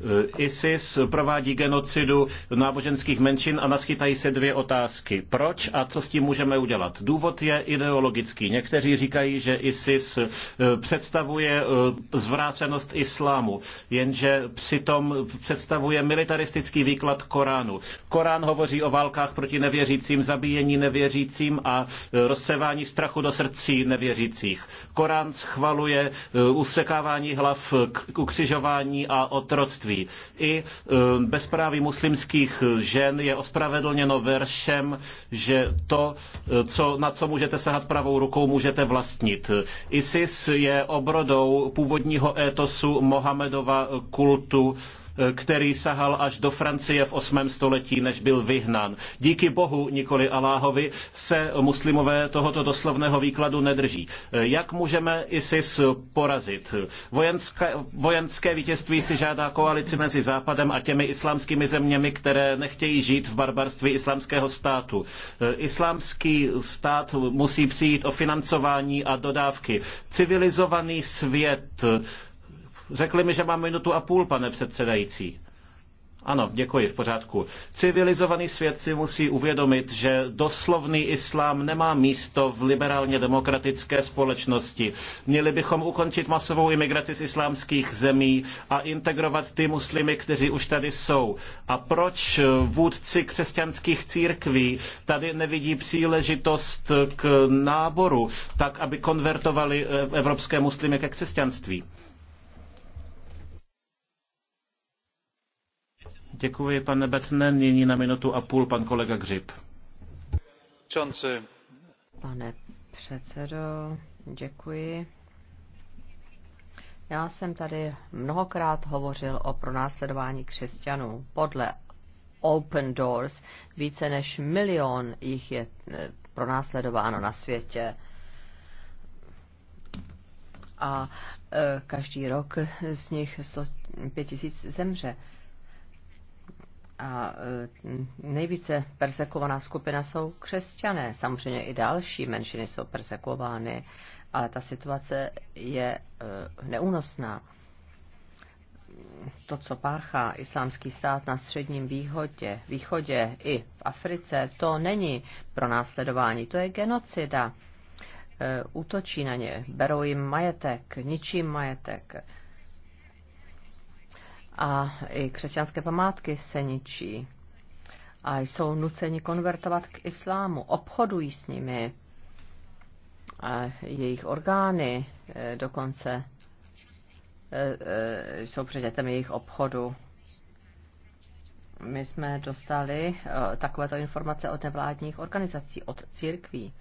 Eh, ISIS provádí genocidu náboženských menšin a naschytají se dvě otázky. Proč a co s tím můžeme udělat? Důvod je ideologický. Někteří říkají, že ISIS eh, představuje eh, zvrácenost islámu, jenže přitom představuje militaristický výklad Koránu. Korán hovoří o válkách proti nevěřícím, zabíjení nevěřícím a rozsevání strachu do srdcí nevěřících. Korán schvaluje usekávání hlav, ukřižování a otroctví manželství. I e, bezpráví muslimských žen je ospravedlněno veršem, že to, e, co, na co můžete sahat pravou rukou, můžete vlastnit. ISIS je obrodou původního étosu Mohamedova kultu který sahal až do Francie v 8. století, než byl vyhnán. Díky bohu, nikoli Aláhovi, se muslimové tohoto doslovného výkladu nedrží. Jak můžeme ISIS porazit? Vojenské, vojenské vítězství si žádá koalici mezi Západem a těmi islámskými zeměmi, které nechtějí žít v barbarství islámského státu. Islámský stát musí přijít o financování a dodávky. Civilizovaný svět Řekli mi, že mám minutu a půl, pane předsedající. Ano, děkuji, v pořádku. Civilizovaný svět si musí uvědomit, že doslovný islám nemá místo v liberálně demokratické společnosti. Měli bychom ukončit masovou imigraci z islámských zemí a integrovat ty muslimy, kteří už tady jsou. A proč vůdci křesťanských církví tady nevidí příležitost k náboru, tak aby konvertovali e, evropské muslimy ke křesťanství? Děkuji, pane Betne. Nyní na minutu a půl pan kolega Gřib. Pane předsedo, děkuji. Já jsem tady mnohokrát hovořil o pronásledování křesťanů. Podle Open Doors více než milion jich je e, pronásledováno na světě. A e, každý rok z nich 105 tisíc zemře a e, nejvíce persekovaná skupina jsou křesťané. Samozřejmě i další menšiny jsou persekovány, ale ta situace je e, neúnosná. To, co páchá islámský stát na středním východě, východě i v Africe, to není pro následování, to je genocida. E, útočí na ně, berou jim majetek, ničím majetek a i křesťanské památky se ničí a jsou nuceni konvertovat k islámu, obchodují s nimi a jejich orgány e, dokonce e, e, jsou předmětem jejich obchodu. My jsme dostali takovéto informace od nevládních organizací, od církví.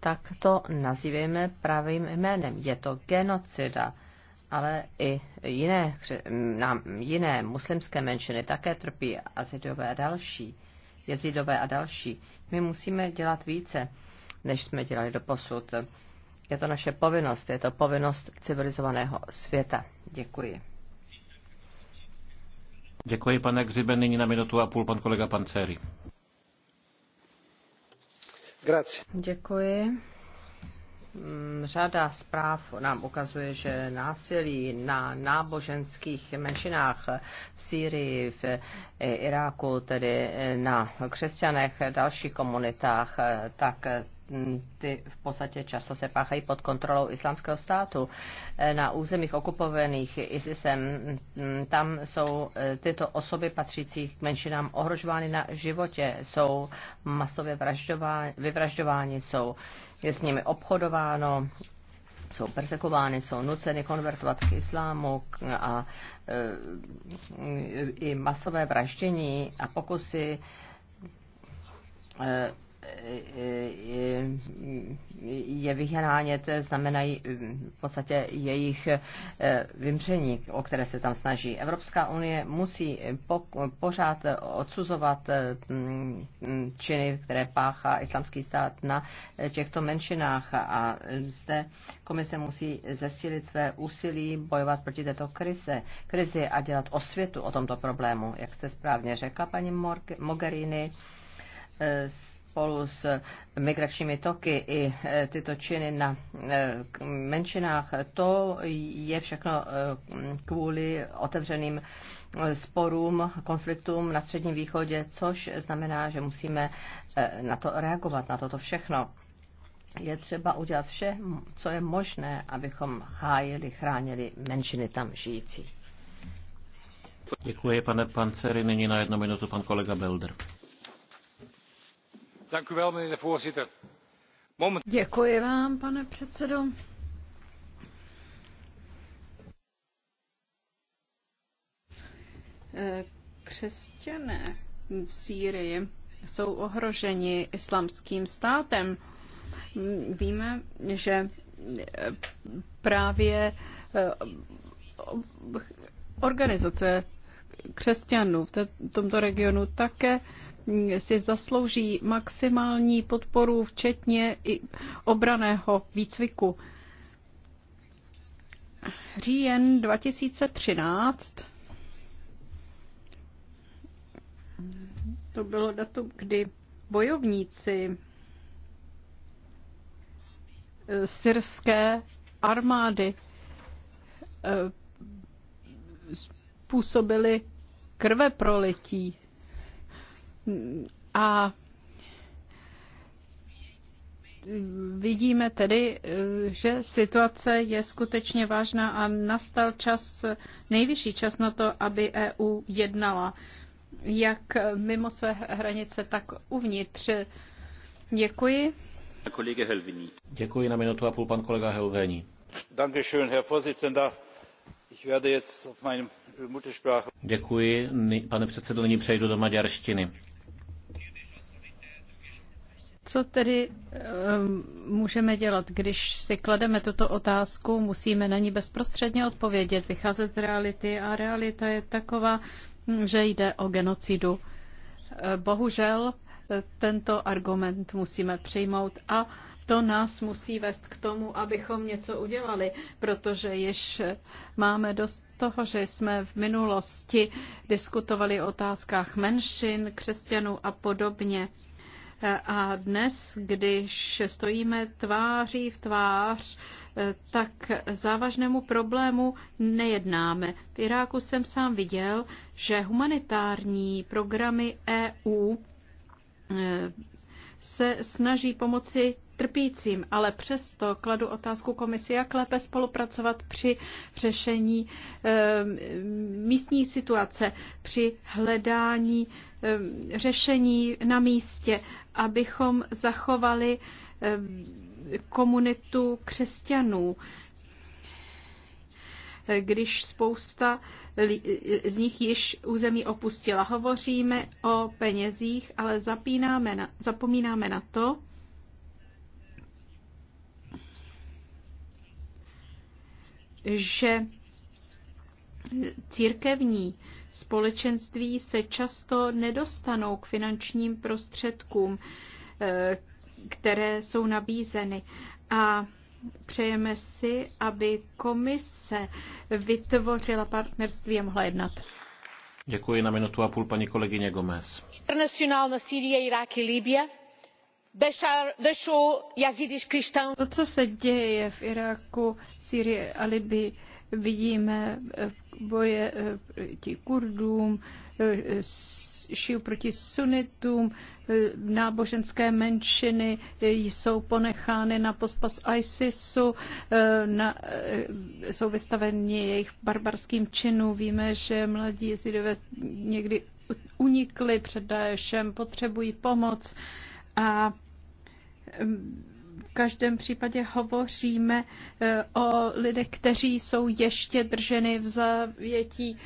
Tak to nazýváme pravým jménem. Je to genocida ale i jiné, jiné muslimské menšiny také trpí, azidové a další, jezidové a další. My musíme dělat více, než jsme dělali do posud. Je to naše povinnost, je to povinnost civilizovaného světa. Děkuji. Děkuji, pane Gřibe. Nyní na minutu a půl pan kolega Panceri. Grazie. Děkuji. Mm, řada zpráv nám ukazuje, že násilí na náboženských menšinách v Sýrii, v Iráku, tedy na křesťanech, dalších komunitách, tak mm, ty v podstatě často se páchají pod kontrolou islámského státu. Na územích okupovaných ISISem mm, tam jsou eh, tyto osoby patřící k menšinám ohrožovány na životě, jsou masově vyvražďováni, jsou je s nimi obchodováno, jsou persekovány, jsou nuceny konvertovat k islámu a e, i masové vraždění a pokusy e, je vyhnánět, znamenají v podstatě jejich eh, vymření, o které se tam snaží. Evropská unie musí pořád odsuzovat mm, mm, činy, které páchá islamský stát na eh, těchto menšinách a zde komise musí zesílit své úsilí bojovat proti této krize, krizi a dělat osvětu o tomto problému. Jak jste správně řekla, paní Mogherini, eh, spolu s migračními toky i e, tyto činy na e, menšinách, to je všechno e, kvůli otevřeným sporům, konfliktům na Středním východě, což znamená, že musíme na to reagovat, na toto všechno. Je třeba udělat vše, co je možné, abychom hájili, chránili menšiny tam žijící. Děkuji, pane Panceri. Nyní na jednu minutu pan kolega Belder. Děkuji vám, pane předsedající eh, Křesťané v Sýrii jsou ohroženi islámským státem. Víme, že eh, právě eh, organizace křesťanů v tomto regionu také si zaslouží maximální podporu, včetně i obraného výcviku. Říjen 2013 to bylo datum, kdy bojovníci eh, syrské armády eh, působili krveprolití a vidíme tedy, že situace je skutečně vážná a nastal čas, nejvyšší čas na to, aby EU jednala jak mimo své hranice, tak uvnitř. Děkuji. Děkuji na minutu a půl pan kolega Helvení. Dankeschön, Herr Vorsitzender. Děkuji, pane předsedo, nyní přejdu do maďarštiny co tedy ehm, můžeme dělat, když si klademe tuto otázku, musíme na ní bezprostředně odpovědět, vycházet z reality a realita je taková, že jde o genocidu. Eh, bohužel eh, tento argument musíme přijmout a to nás musí vést k tomu, abychom něco udělali, protože již máme dost toho, že jsme v minulosti diskutovali o otázkách menšin, křesťanů a podobně. A dnes, když stojíme tváří v tvář, tak závažnému problému nejednáme. V Iráku jsem sám viděl, že humanitární programy EU eh, se snaží pomoci trpícím, ale přesto kladu otázku komisi, jak lépe spolupracovat při řešení ehm, místní situace, při hledání ehm, řešení na místě, abychom zachovali ehm, komunitu křesťanů, když spousta z nich již území opustila. Hovoříme o penězích, ale zapínáme na, zapomínáme na to, že církevní společenství se často nedostanou k finančním prostředkům, eh, které jsou nabízeny. A přejeme si, aby komise vytvořila partnerství a mohla jednat. Děkuji na minutu a půl paní kolegyně Gomez. Irák Libie to, co se děje v Iráku, sýrii a libyi vidíme eh, boje eh, proti Kurdům, eh, šiju proti sunitům, náboženské menšiny jsou ponechány na pospas ISISu, jsou vystaveni jejich barbarským činům. Víme, že mladí jezídové někdy unikli před Daešem, potřebují pomoc a v každém případě hovoříme e, o lidech, kteří jsou ještě drženi v zavětí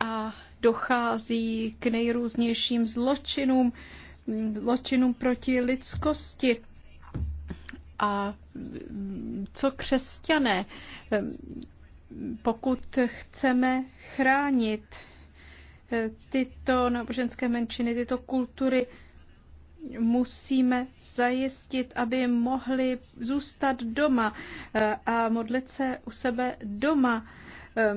a dochází k nejrůznějším zločinům, zločinům proti lidskosti. A mm, co křesťané, pokud chceme chránit e, tyto náboženské menšiny, tyto kultury, musíme zajistit, aby mohli zůstat doma eh, a modlit se u sebe doma, eh,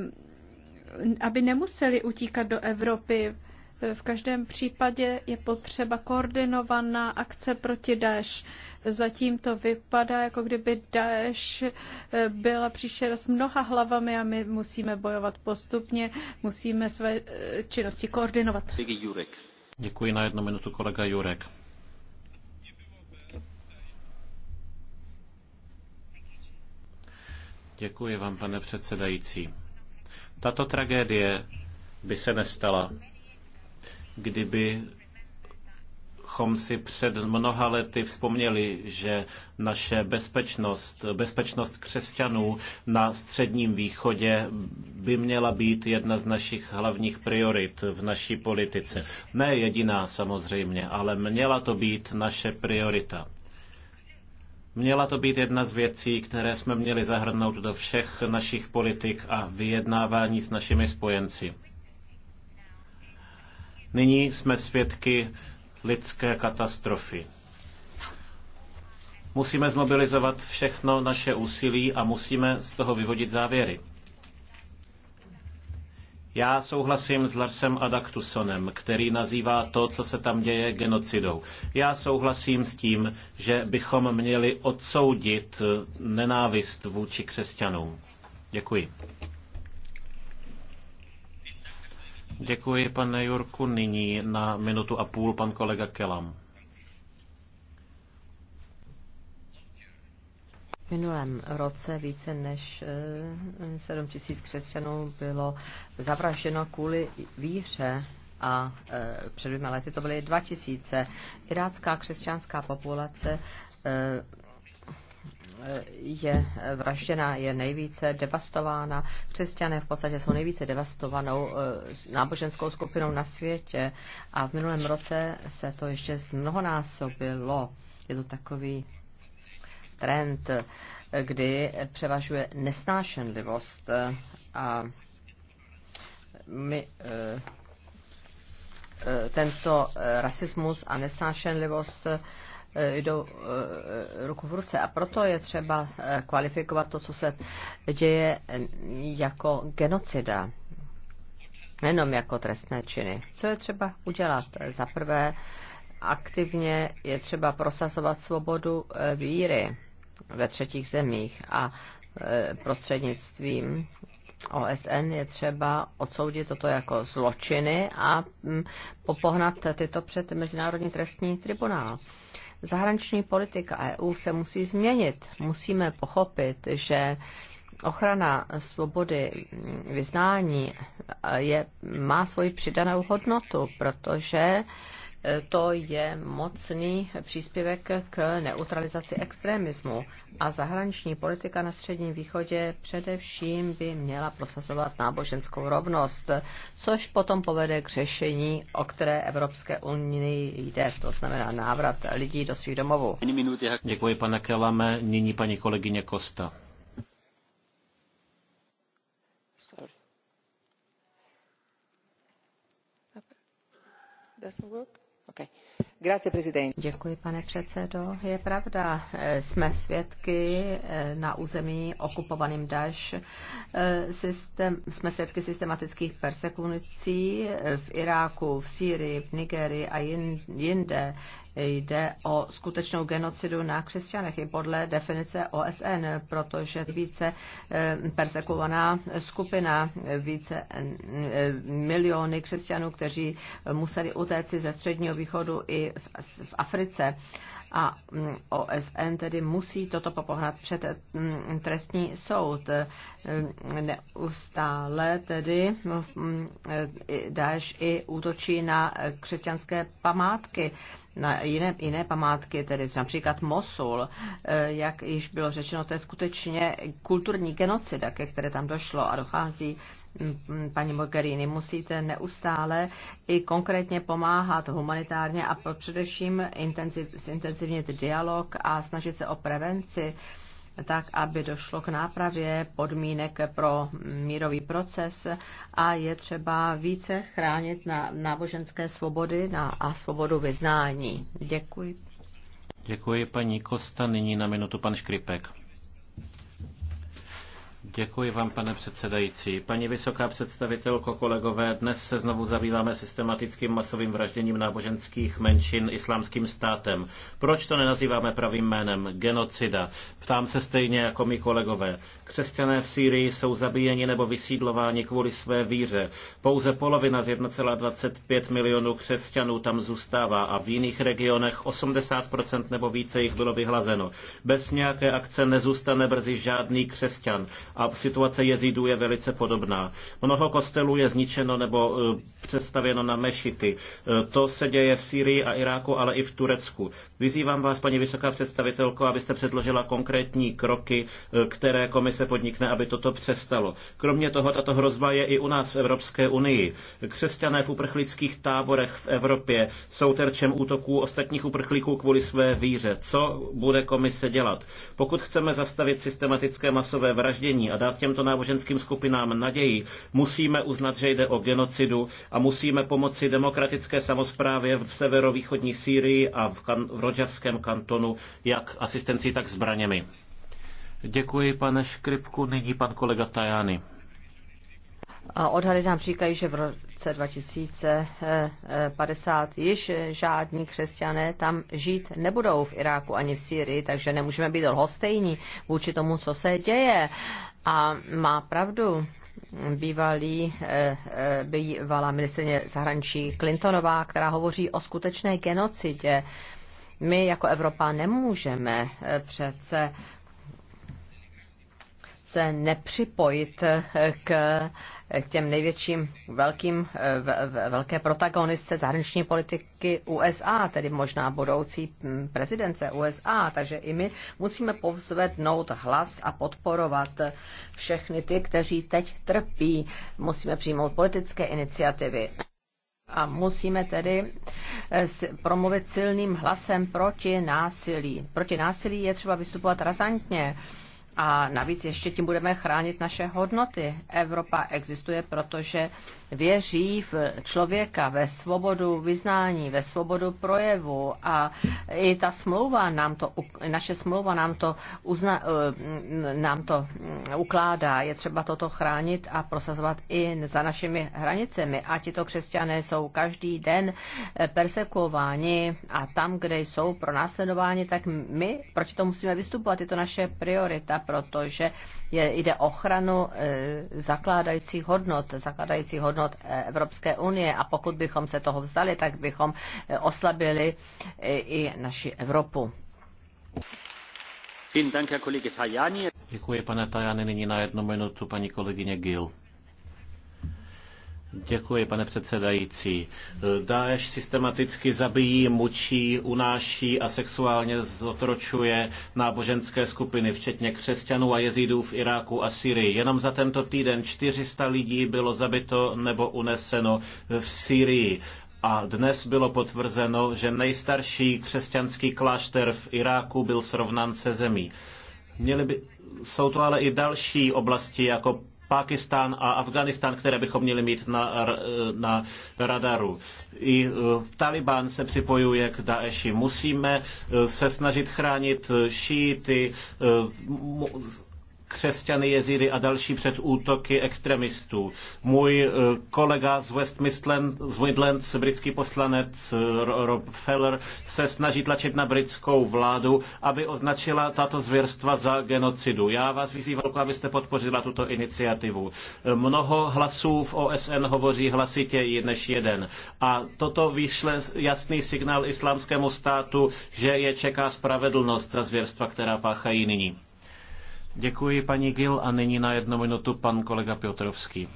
aby nemuseli utíkat do Evropy. Eh, v každém případě je potřeba koordinovaná akce proti Daesh. Zatím to vypadá, jako kdyby Daesh byla příšera s mnoha hlavami a my musíme bojovat postupně, musíme své činnosti koordinovat. Děkuji na jednu minutu kolega Jurek. Děkuji vám, pane předsedající. Tato tragédie by se nestala, kdyby chom si před mnoha lety vzpomněli, že naše bezpečnost, bezpečnost křesťanů na Středním východě by měla být jedna z našich hlavních priorit v naší politice. Ne jediná samozřejmě, ale měla to být naše priorita. Měla to být jedna z věcí, které jsme měli zahrnout do všech našich politik a vyjednávání s našimi spojenci. Nyní jsme svědky lidské katastrofy. Musíme zmobilizovat všechno naše úsilí a musíme z toho vyvodit závěry. Já souhlasím s Larsem Adaktusonem, který nazývá to, co se tam děje, genocidou. Já souhlasím s tím, že bychom měli odsoudit eh, nenávist vůči křesťanům. Děkuji. Děkuji, pane Jurku. Nyní na minutu a půl pan kolega Kelam. minulém roce více než 7 eh, tisíc křesťanů bylo zavraženo kvůli víře a e, před dvěma lety to byly 2 tisíce. Irácká křesťanská populace e, je vražděna, je nejvíce devastována. Křesťané v podstatě jsou nejvíce devastovanou náboženskou skupinou na světě a v minulém roce se to ještě mnohonásobilo. Je to takový trend, kdy převažuje nesnášenlivost a my e, e, tento rasismus a nesnášenlivost e, jdou ruku v ruce. A proto je třeba kvalifikovat to, co se děje jako genocida, nejenom jako trestné činy. Co je třeba udělat? Za prvé, aktivně je třeba prosazovat svobodu víry ve třetích zemích a e, prostřednictvím OSN je třeba odsoudit toto jako zločiny a mm, popohnat tyto před Mezinárodní trestní tribunál. Zahraniční politika EU se musí změnit. Musíme pochopit, že ochrana svobody vyznání je, má svoji přidanou hodnotu, protože eh, to je mocný příspěvek k neutralizaci extremismu a zahraniční politika na Středním východě především by měla prosazovat náboženskou rovnost, což potom povede k řešení, o které Evropské unii jde, to znamená návrat lidí do svých domovů. Děkuji, pane Kelame. Nyní paní kolegyně Kosta. Sorry. Doesn't work? Děkuji, pane předsedo. Je pravda, eh, jsme svědky eh, na území okupovaným Daš, eh, systém, jsme svědky systematických persekucí v Iráku, v Sýrii, v Nigerii a jinde jde o skutečnou genocidu na křesťanech i podle definice OSN, protože více eh, persekovaná skupina, více eh, miliony křesťanů, kteří museli utéct ze středního východu i v Africe a mm, OSN tedy musí toto popohnat před mm, trestní soud. Eh, neustále tedy mm, dáš i útočí na křesťanské památky na jiné, jiné památky, tedy například Mosul, eh, jak již bylo řečeno, to je skutečně kulturní genocida, ke které tam došlo a dochází. Mm, mm, paní Mogherini, musíte neustále i konkrétně pomáhat humanitárně a především intenzivnit dialog a snažit se o prevenci tak aby došlo k nápravě podmínek pro mírový proces a je třeba více chránit na náboženské svobody a svobodu vyznání. Děkuji. Děkuji paní Kosta. Nyní na minutu pan Škripek. Děkuji vám, pane předsedající. Paní vysoká představitelko, kolegové, dnes se znovu zabýváme systematickým masovým vražděním náboženských menšin islámským státem. Proč to nenazýváme pravým jménem? Genocida. Ptám se stejně jako mi kolegové. Křesťané v Sýrii jsou zabíjeni nebo vysídlováni kvůli své víře. Pouze polovina z 1,25 milionů křesťanů tam zůstává a v jiných regionech 80% nebo více jich bylo vyhlazeno. Bez nějaké akce nezůstane brzy žádný křesťan a situace jezidů je velice podobná. Mnoho kostelů je zničeno nebo e, představěno na mešity. E, to se děje v Sýrii a Iráku, ale i v Turecku. Vyzývám vás, paní vysoká představitelko, abyste předložila konkrétní kroky, e, které komise podnikne, aby toto přestalo. Kromě toho, tato hrozba je i u nás v Evropské unii. Křesťané v uprchlických táborech v Evropě jsou terčem útoků ostatních uprchlíků kvůli své víře. Co bude komise dělat? Pokud chceme zastavit systematické masové vraždění, utrpení a dát těmto náboženským skupinám naději, musíme uznat, že jde o genocidu a musíme pomoci demokratické samozprávě v severovýchodní Sýrii a v, kan- v Rodžavském kantonu, jak asistencí, tak zbraněmi. Děkuji, pane Škripku. Nyní pan kolega Tajany. Odhady nám říkají, že v roce 2050 již žádní křesťané tam žít nebudou v Iráku ani v Sýrii, takže nemůžeme být lhostejní vůči tomu, co se děje. A má pravdu bývalý, eh, eh, bývalá ministrině zahraničí Clintonová, která hovoří o skutečné genocidě. My jako Evropa nemůžeme eh, přece se nepřipojit k, k těm největším velkým, velké protagonistce zahraniční politiky USA, tedy možná budoucí mm, prezidence USA. Takže i my musíme povzvednout hlas a podporovat všechny ty, kteří teď trpí. Musíme přijmout politické iniciativy. A musíme tedy eh, promluvit silným hlasem proti násilí. Proti násilí je třeba vystupovat razantně a navíc ještě tím budeme chránit naše hodnoty. Evropa existuje, protože věří v člověka, ve svobodu vyznání, ve svobodu projevu a i ta smlouva nám to, naše smlouva nám to, uzna, eh, nám to mm, ukládá. Je třeba toto chránit a prosazovat i za našimi hranicemi. A tito křesťané jsou každý den eh, persekuováni a tam, kde jsou pro následování, tak my proti tomu musíme vystupovat. Je to naše priorita protože je, jde o ochranu e, zakládajících hodnot, zakládajících hodnot e, Evropské unie a pokud bychom se toho vzdali, tak bychom e, oslabili i naši Evropu. Děkuji, pane Tajani. Nyní na jednu minutu paní kolegyně Gill. Děkuji, pane předsedající. Daesh systematicky zabíjí, mučí, unáší a sexuálně zotročuje náboženské skupiny, včetně křesťanů a jezídů v Iráku a Syrii. Jenom za tento týden 400 lidí bylo zabito nebo uneseno v Syrii. A dnes bylo potvrzeno, že nejstarší křesťanský klášter v Iráku byl srovnán se zemí. Měli by, jsou to ale i další oblasti, jako Pákistán a Afganistán, které bychom měli mít na, na radaru. I e, Taliban se připojuje k Daeši. Musíme e, se snažit chránit šíity, e, křesťany, jezidy a další před útoky extremistů. Můj eh, kolega z West Midlands, britský poslanec eh, Rob Feller, se snaží tlačit na britskou vládu, aby označila tato zvěrstva za genocidu. Já vás vyzývám, abyste podpořila tuto iniciativu. Eh, mnoho hlasů v OSN hovoří hlasitěji než jeden. A toto vyšle jasný signál islámskému státu, že je čeká spravedlnost za zvěrstva, která páchají nyní. Děkuji paní Gil a nyní na jednu minutu pan kolega Piotrovský.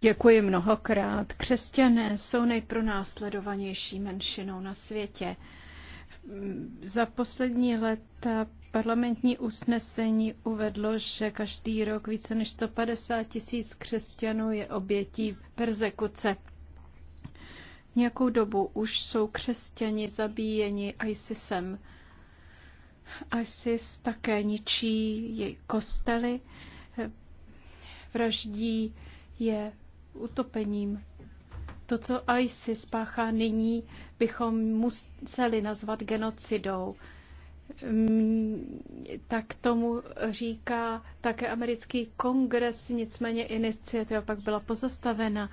Děkuji mnohokrát. Křesťané jsou nejpronásledovanější menšinou na světě. Za poslední leta parlamentní usnesení uvedlo, že každý rok více než 150 tisíc křesťanů je obětí persekuce. Nějakou dobu už jsou křesťani zabíjeni ISISem. ISIS také ničí její kostely, vraždí je utopením. To, co ISIS páchá nyní, bychom museli nazvat genocidou. Mm, tak tomu říká také americký kongres, nicméně iniciativa pak byla pozastavena.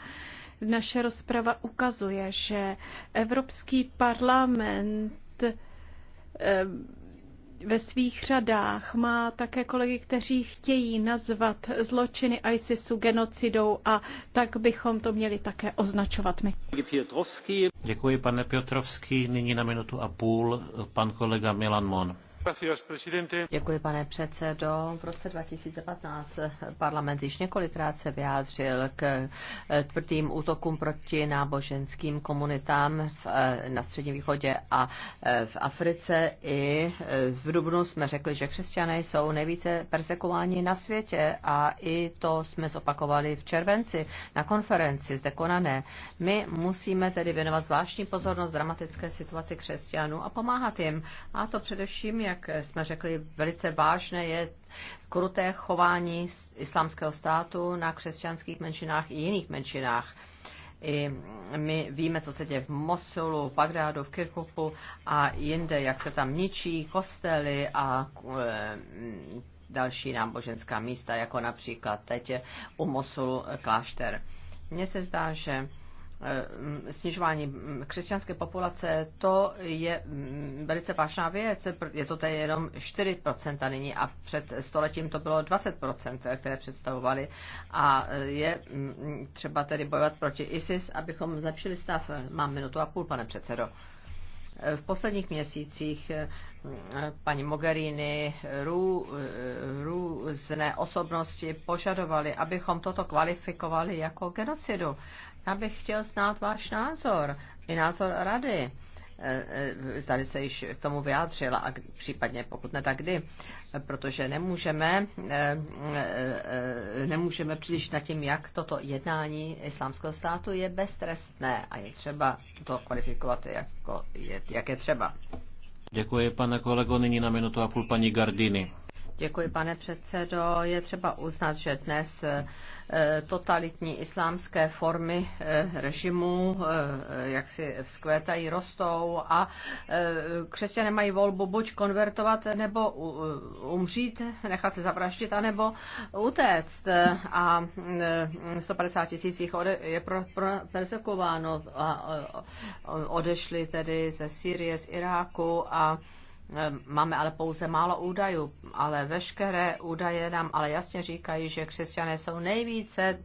Naše rozprava ukazuje, že Evropský parlament eh, ve svých řadách. Má také kolegy, kteří chtějí nazvat zločiny ISISu genocidou a tak bychom to měli také označovat my. Děkuji, pane Piotrovský. Nyní na minutu a půl pan kolega Milan Mon. Děkuji, pane předsedo. V roce 2015 parlament již několikrát se vyjádřil k eh, tvrdým útokům proti náboženským komunitám v, eh, na Středním východě a eh, v Africe. I v Dubnu jsme řekli, že křesťané jsou nejvíce persekováni na světě a i to jsme zopakovali v červenci na konferenci zde konané. My musíme tedy věnovat zvláštní pozornost dramatické situaci křesťanů a pomáhat jim. A to především je jak jsme řekli, velice vážné je kruté chování islámského státu na křesťanských menšinách i jiných menšinách. I my víme, co se děje v Mosulu, v Bagdádu, v Kirkupu a jinde, jak se tam ničí kostely a eh, další náboženská místa, jako například teď u Mosulu klášter. Mně se zdá, že Eh, snižování křesťanské populace, to je mm, velice vážná věc. Je to tady jenom 4% nyní a před stoletím to bylo 20%, eh, které představovali. A eh, je mm, třeba tedy bojovat proti ISIS, abychom zlepšili stav. Mám minutu a půl, pane předsedo. V posledních měsících mm, paní Mogherini, rů, různé osobnosti požadovali, abychom toto kvalifikovali jako genocidu. Já bych chtěl znát váš názor i názor rady. Zdali e, e, se již k tomu vyjádřila a případně pokud ne, tak kdy. Protože nemůžeme, e, nemůžeme příliš nad tím, jak toto jednání islámského státu je beztrestné a je třeba to kvalifikovat, jako, jak je třeba. Děkuji, pane kolego. Nyní na minutu a půl paní Gardiny. Děkuji, pane předsedo. Je třeba uznat, že dnes eh, totalitní islámské formy eh, režimu eh, jak si vzkvétají, rostou a křesťané mají volbu buď konvertovat, nebo umřít, nechat se zavraždit, anebo utéct. A 150 tisících je persekováno a odešli tedy ze Sýrie, z Iráku a Eh, máme ale pouze málo údajů, ale veškeré údaje nám ale jasně říkají, že křesťané jsou nejvíce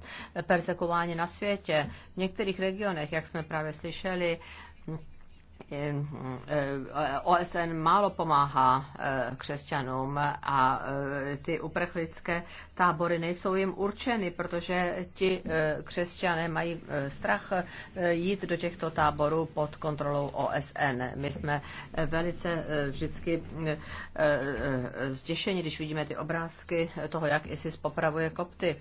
persekováni na světě. V některých regionech, jak jsme právě slyšeli, eh, eh, OSN málo pomáhá křesťanům a ty uprchlické tábory nejsou jim určeny, protože ti eh, křesťané mají eh, strach eh, jít do těchto táborů pod kontrolou OSN. My jsme velice vždycky zděšeni, když vidíme ty obrázky toho, jak ISIS popravuje kopty,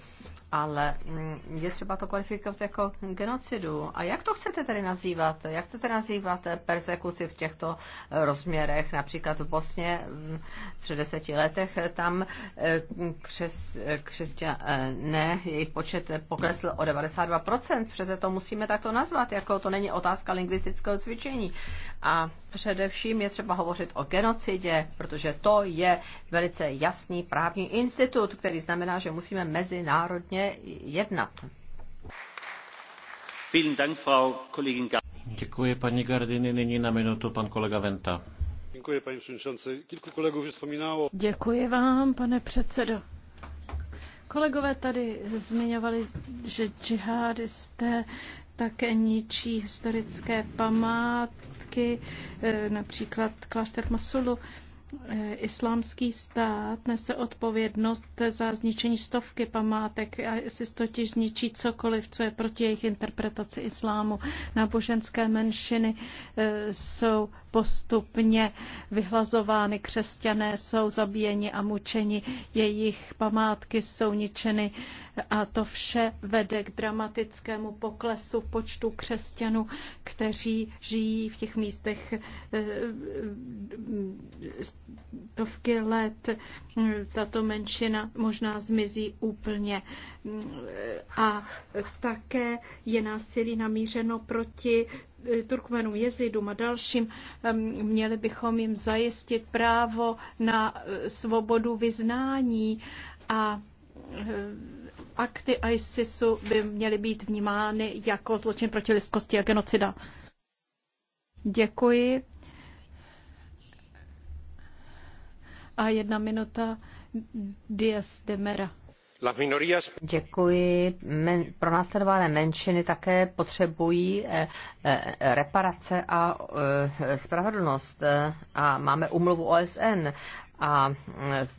ale mm, je třeba to kvalifikovat jako genocidu. A jak to chcete tedy nazývat? Jak chcete nazývat persekuci v těchto rozměrech? Například v Bosně mm, před deseti letech tam křes, ne, jejich počet poklesl o 92%. Přece to musíme takto nazvat, jako to není otázka lingvistického cvičení. A především je třeba hovořit o genocidě, protože to je velice jasný právní institut, který znamená, že musíme mezinárodně jednat. Děkuji paní Gardini. Nyní na minutu pan kolega Venta. Děkuji, paní předsedající. Kilku kolegů vzpomínalo. Děkuji vám, pane předsedo. Kolegové tady zmiňovali, že džihadisté také ničí historické památky, eh, například klášter Masulu. Eh, islámský stát nese odpovědnost za zničení stovky památek a si totiž zničí cokoliv, co je proti jejich interpretaci islámu. Náboženské menšiny eh, jsou postupně vyhlazovány, křesťané jsou zabíjeni a mučeni, jejich památky jsou ničeny a to vše vede k dramatickému poklesu počtu křesťanů, kteří žijí v těch místech eh, eh, stovky let. Tato menšina možná zmizí úplně a také je násilí namířeno proti eh, Turkmenům, jezidům a dalším. Měli bychom jim zajistit právo na eh, svobodu vyznání a eh, akty ISISu by měly být vnímány jako zločin proti lidskosti a genocida. Děkuji. A jedna minuta Dias de Mera. Děkuji. Men, pronásledované menšiny také potřebují eh, eh, reparace a eh, spravedlnost. A máme umluvu OSN a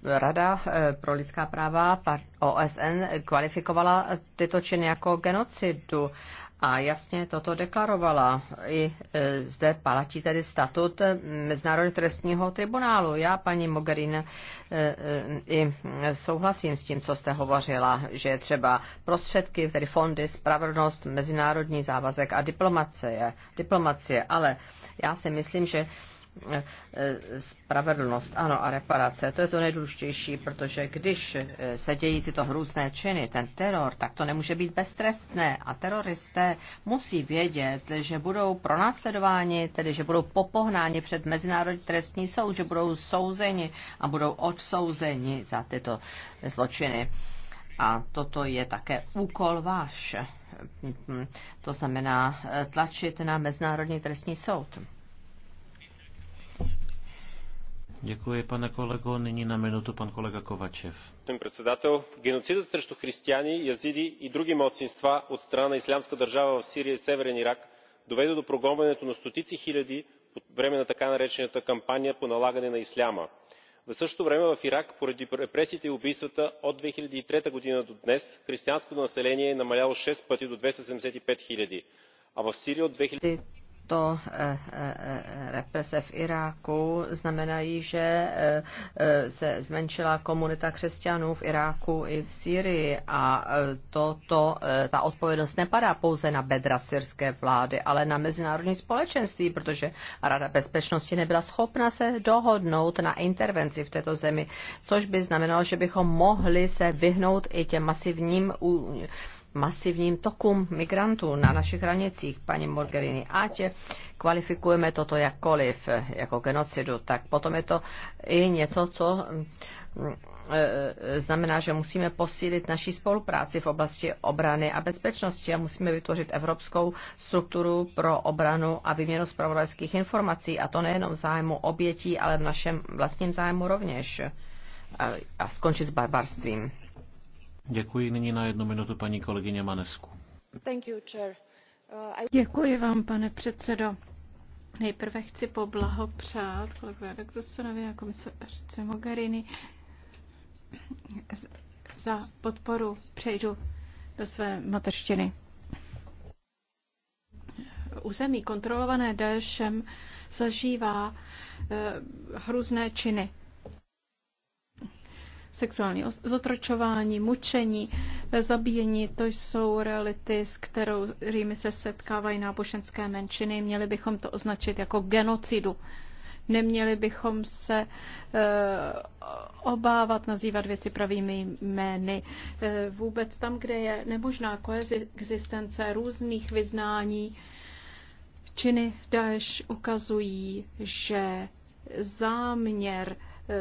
Rada pro lidská práva OSN kvalifikovala tyto činy jako genocidu a jasně toto deklarovala. I e, zde palatí tedy statut e, Mezinárodního trestního tribunálu. Já, paní Mogherin, e, i souhlasím s tím, co jste hovořila, že třeba prostředky, tedy fondy, spravedlnost, mezinárodní závazek a diplomacie, diplomacie. ale já si myslím, že Eh, spravedlnost, ano, a reparace, to je to nejdůležitější, protože když eh, se dějí tyto hrůzné činy, ten teror, tak to nemůže být beztrestné a teroristé musí vědět, že budou pronásledováni, tedy že budou popohnáni před Mezinárodní trestní soud, že budou souzeni a budou odsouzeni za tyto zločiny. A toto je také úkol váš. To znamená eh, tlačit na Mezinárodní trestní soud. Děkuji, pane kolego. Nyní na minutu pan kolega Kovačev. Pane předsedatel, genocida srštu christiani, jazidi i drugi mocinstva od strana islamska država v Syrii a severní Irak dovedou do progonването na stotici hiljadi pod vreme na така наречената кампания по налагане на исляма. В същото време в Ирак, поради репресиите и убийствата от 2003 година до днес, християнското население е намаляло 6 пъти до 275 a v в od от 2000 to eh, eh, eh, represe v Iráku znamenají, že se zmenšila komunita křesťanů v Iráku i v Syrii a to, to, ta odpovědnost nepadá pouze na bedra syrské vlády, ale na mezinárodní společenství, protože Rada bezpečnosti nebyla schopna se dohodnout na intervenci v této zemi, což by znamenalo, že bychom mohli se vyhnout i těm masivním masivním tokům migrantů na našich hranicích, paní Morgerini. Ať kvalifikujeme toto jakkoliv, jako genocidu, tak potom je to i něco, co mm, e, e, znamená, že musíme posílit naší spolupráci v oblasti obrany a bezpečnosti a musíme vytvořit evropskou strukturu pro obranu a výměnu zpravodajských informací a to nejenom v zájmu obětí, ale v našem vlastním zájmu rovněž a skončit s barbarstvím. Děkuji nyní na jednu minutu paní kolegyně Manesku. Uh, Děkuji vám, pane předsedo. Nejprve chci poblahopřát kolegovi Adekrusonovi a komisařce Mogherini za podporu. Přejdu do své mateřštiny. Území kontrolované Daešem zažívá eh, hrůzné činy sexuální zotročování, mučení, zabíjení, to jsou reality, s kterými se setkávají náboženské menšiny. Měli bychom to označit jako genocidu. Neměli bychom se eh, obávat nazývat věci pravými jmény. Eh, vůbec tam, kde je nemožná koexistence různých vyznání, činy Daesh ukazují, že záměr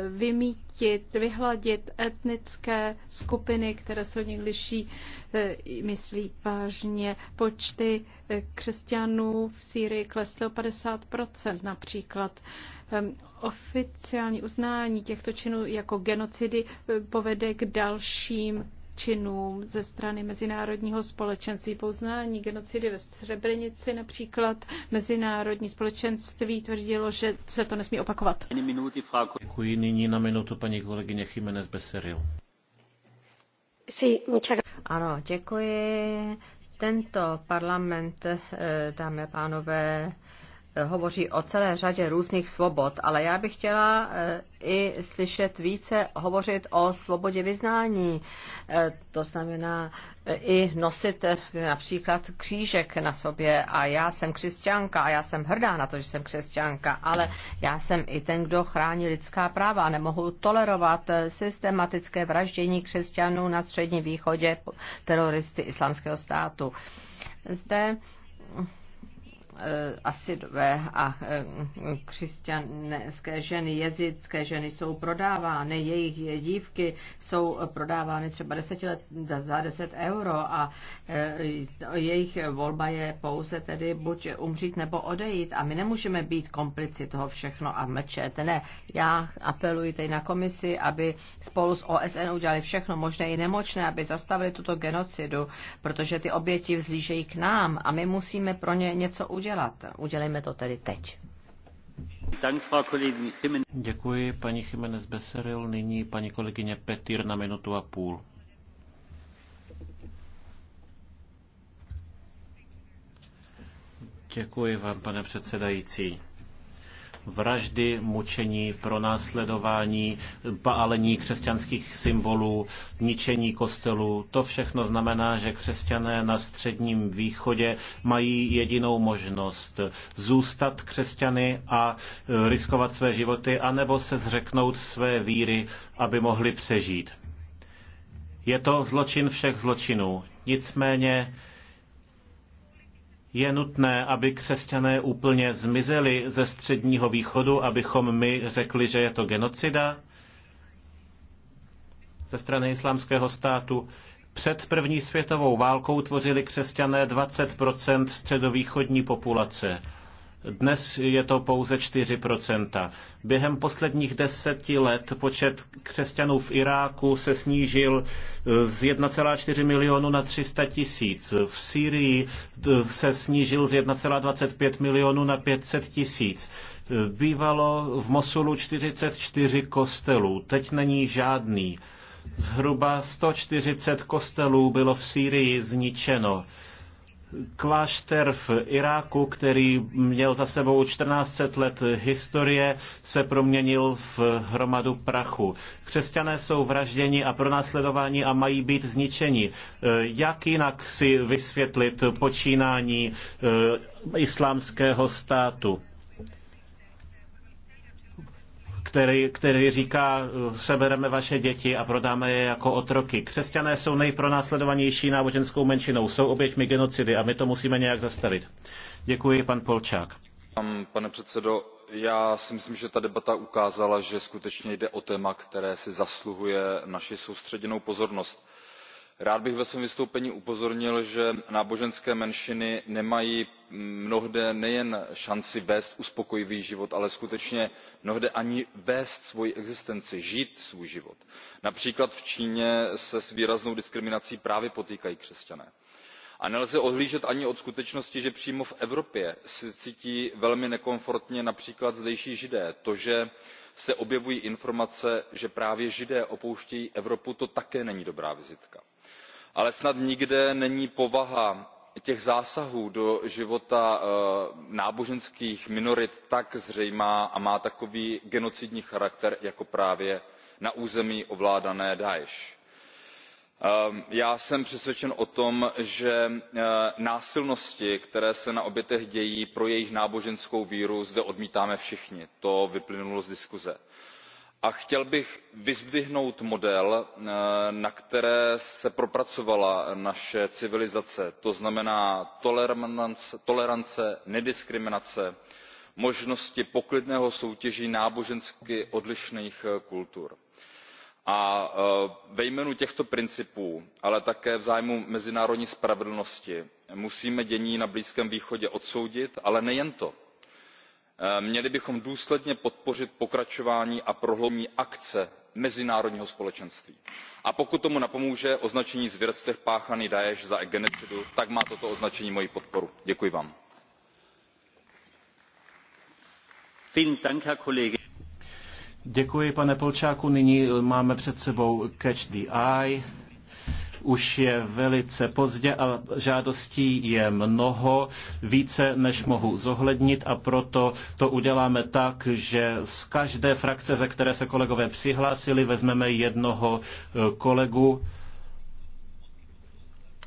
vymítit, vyhladit etnické skupiny, které se od nich liší, e, myslí vážně. Počty e, křesťanů v Sýrii klesly o 50% například. Oficiální uznání těchto činů jako genocidy e, povede k dalším činům ze strany mezinárodního společenství. Poznání genocidy ve Srebrenici například mezinárodní společenství tvrdilo, že se to nesmí opakovat. Děkuji nyní na minutu paní kolegyně Jiménez Beseril. Ano, děkuji. Tento parlament, eh, dámy a pánové, hovoří o celé řadě různých svobod, ale já bych chtěla eh, i slyšet více hovořit o svobodě vyznání. Eh, to znamená eh, i nosit například křížek na sobě a já jsem křesťanka a já jsem hrdá na to, že jsem křesťanka, ale já jsem i ten, kdo chrání lidská práva nemohu tolerovat systematické vraždění křesťanů na středním východě teroristy islamského státu. Zde Eh, Asi dve a eh, křesťanské ženy, jezické ženy jsou prodávány, jejich dívky jsou prodávány třeba 10 let, za 10 euro a eh, jejich volba je pouze tedy buď umřít nebo odejít a my nemůžeme být komplici toho všechno a mlčet. Ne, já apeluji tady na komisi, aby spolu s OSN udělali všechno možné i nemočné, aby zastavili tuto genocidu, protože ty oběti vzlížejí k nám a my musíme pro ně něco udělat udělat. Udělejme to tedy teď. Děkuji paní Jiménez Beseril, nyní paní kolegyně Petýr na minutu a půl. Děkuji vám, pane předsedající vraždy, mučení, pronásledování, pálení křesťanských symbolů, ničení kostelů. To všechno znamená, že křesťané na středním východě mají jedinou možnost zůstat křesťany a e, riskovat své životy, anebo se zřeknout své víry, aby mohli přežít. Je to zločin všech zločinů. Nicméně je nutné, aby křesťané úplně zmizeli ze středního východu, abychom my řekli, že je to genocida ze strany islámského státu. Před první světovou válkou tvořili křesťané 20 středovýchodní populace. Dnes je to pouze 4%. Během posledních deseti let počet křesťanů v Iráku se snížil eh, z 1,4 milionu na 300 tisíc. V Sýrii eh, se snížil z 1,25 milionu na 500 tisíc. Eh, bývalo v Mosulu 44 kostelů, teď není žádný. Zhruba 140 kostelů bylo v Sýrii zničeno. Klášter v Iráku, který měl za sebou 1400 let historie, se proměnil v hromadu prachu. Křesťané jsou vražděni a pronásledováni a mají být zničeni. E, jak jinak si vysvětlit počínání e, islámského státu? který, který říká, eh, sebereme vaše děti a prodáme je jako otroky. Křesťané jsou nejpronásledovanější náboženskou menšinou, jsou oběťmi genocidy a my to musíme nějak zastavit. Děkuji, pan Polčák. Pane předsedo, já si myslím že ta debata ukázala že skutečně jde o téma které si zasluhuje naši soustředěnou pozornost rád bych ve svém vystoupení upozornil že náboženské menšiny nemají mnohde nejen šanci vést uspokojivý život ale skutečně mnohde ani vést svoji existenci žít svůj život. například v číně se s výraznou diskriminací právě potýkají křesťané. a nelze odhlížet ani od skutečnosti že přímo v evropě se cítí velmi nekomfortně například zdejší židé. to že se objevují informace že právě židé opouštějí evropu to také není dobrá vizitka ale snad nikde není povaha těch zásahů do života eh, náboženských minorit tak zřejmá a má takový genocidní charakter jako právě na území ovládaném ehm, dá'iš. já jsem přesvědčen o tom že eh, násilnosti které se na obětech dějí pro jejich náboženskou víru zde odmítáme všichni to vyplynulo z diskuse a chtěl bych vyzdvihnout model eh, na kterém se propracovala naše civilizace to znamená tolerance nediskriminace možnosti poklidného soužití nábožensky odlišných eh, kultur. a eh, ve jménu těchto principů ale také v zájmu mezinárodní spravedlnosti musíme dění na blízkém východě odsoudit ale nejen to. Eh, měli bychom důsledně podpořit pokračování a prohloubení akce mezinárodního společenství a pokud tomu napomůže označení zvěrstev páchaných dáješ za genocidu tak má toto označení moji podporu. děkuji vám. Děkuji, pane polčáku nyní eh, máme před sebou catch the eye už je velice pozdě a žádostí je mnoho, více než mohu zohlednit a proto to uděláme tak, že z každé frakce, ze které se kolegové přihlásili, vezmeme jednoho eh, kolegu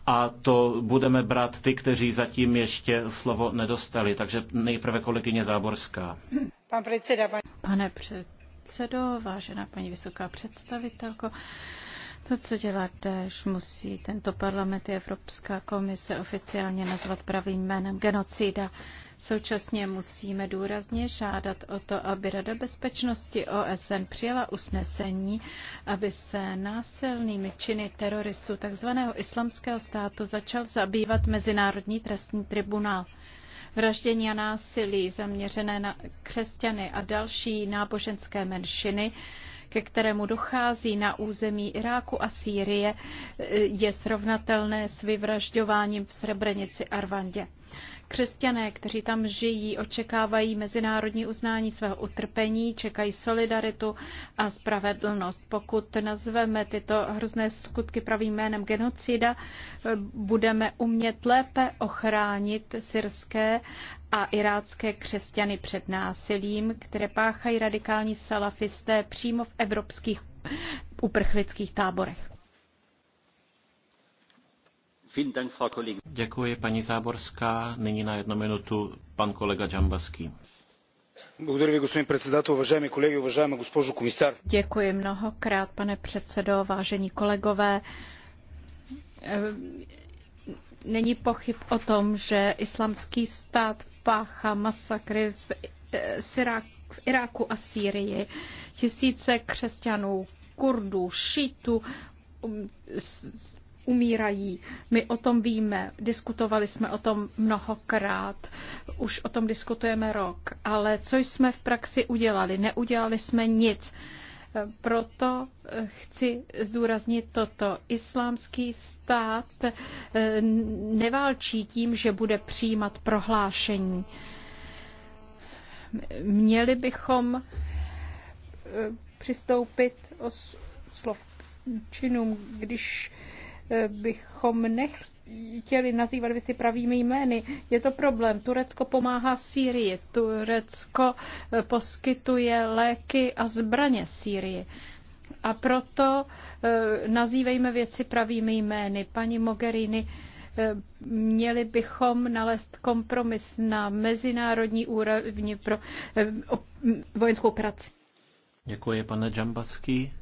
a to budeme brát ty, kteří zatím ještě slovo nedostali. Takže nejprve kolegyně Záborská. Pan předseda, pan... Pane předsedo, vážená paní vysoká představitelko, to, co dělá Daesh, musí tento parlament i Evropská komise oficiálně nazvat pravým jménem genocida. Současně musíme důrazně žádat o to, aby Rada bezpečnosti OSN přijala usnesení, aby se násilnými činy teroristů tzv. islamského státu začal zabývat Mezinárodní trestní tribunál vraždění a násilí zaměřené na křesťany a další náboženské menšiny ke kterému dochází na území Iráku a Sýrie, je srovnatelné s vyvražďováním v Srebrenici a Rwandě. Křesťané, kteří tam žijí, očekávají mezinárodní uznání svého utrpení, čekají solidaritu a spravedlnost. Pokud nazveme tyto hrozné skutky pravým jménem genocida, budeme umět lépe ochránit syrské a irácké křesťany před násilím, které páchají radikální salafisté přímo v evropských uprchlických táborech. Děkuji, paní Záborská. Nyní na jednu minutu pan kolega Džambaský. Děkuji mnohokrát, pane předsedo, vážení kolegové. Ehm, není pochyb o tom, že islamský stát páchá masakry v, e, Sirák, v Iráku a Sýrii. Tisíce křesťanů, kurdů, šítů, um, umírají. My o tom víme, diskutovali jsme o tom mnohokrát, už o tom diskutujeme rok, ale co jsme v praxi udělali? Neudělali jsme nic. Proto eh, chci zdůraznit toto. Islámský stát eh, neválčí tím, že bude přijímat prohlášení. Měli bychom eh, přistoupit o slov činům, když bychom nechtěli nazývat věci pravými jmény. Je to problém. Turecko pomáhá Sýrii. Turecko eh, poskytuje léky a zbraně Sýrii. A proto eh, nazývejme věci pravými jmény. Paní Mogherini, eh, měli bychom nalézt kompromis na mezinárodní úrovni pro mm, vojenskou práci. Děkuji, pane Džambaský.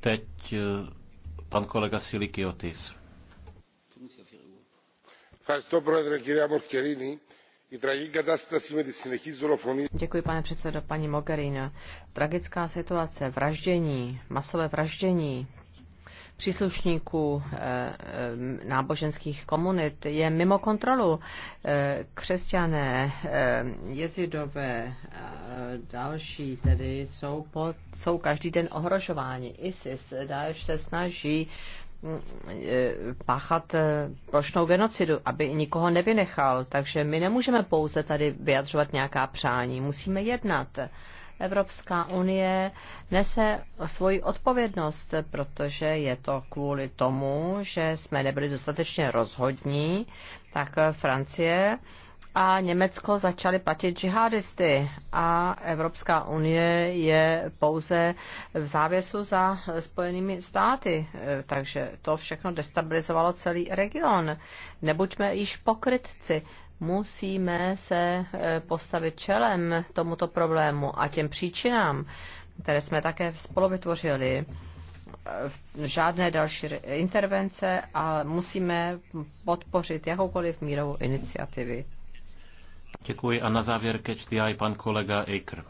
Teď Pan kolega Silikiotis. Děkuji, pane předsedo, paní Mogherini. Tragická situace, vraždění, masové vraždění, příslušníků eh, eh, náboženských komunit je mimo kontrolu. Eh, křesťané, jezidové a další tedy jsou, pod, jsou každý den ohrožováni. ISIS, Daesh se snaží mm, páchat plošnou genocidu, aby nikoho nevynechal. Takže my nemůžeme pouze tady vyjadřovat nějaká přání, musíme jednat. Evropská unie nese svoji odpovědnost, protože je to kvůli tomu, že jsme nebyli dostatečně rozhodní, tak Francie a Německo začaly platit džihadisty a Evropská unie je pouze v závěsu za spojenými státy, takže to všechno destabilizovalo celý region. Nebuďme již pokrytci, musíme se e, postavit čelem tomuto problému a těm příčinám, které jsme také spolu vytvořili. E, žádné další intervence a musíme podpořit jakoukoliv mírovou iniciativy. Děkuji a na závěr catch the eye pan kolega Aker.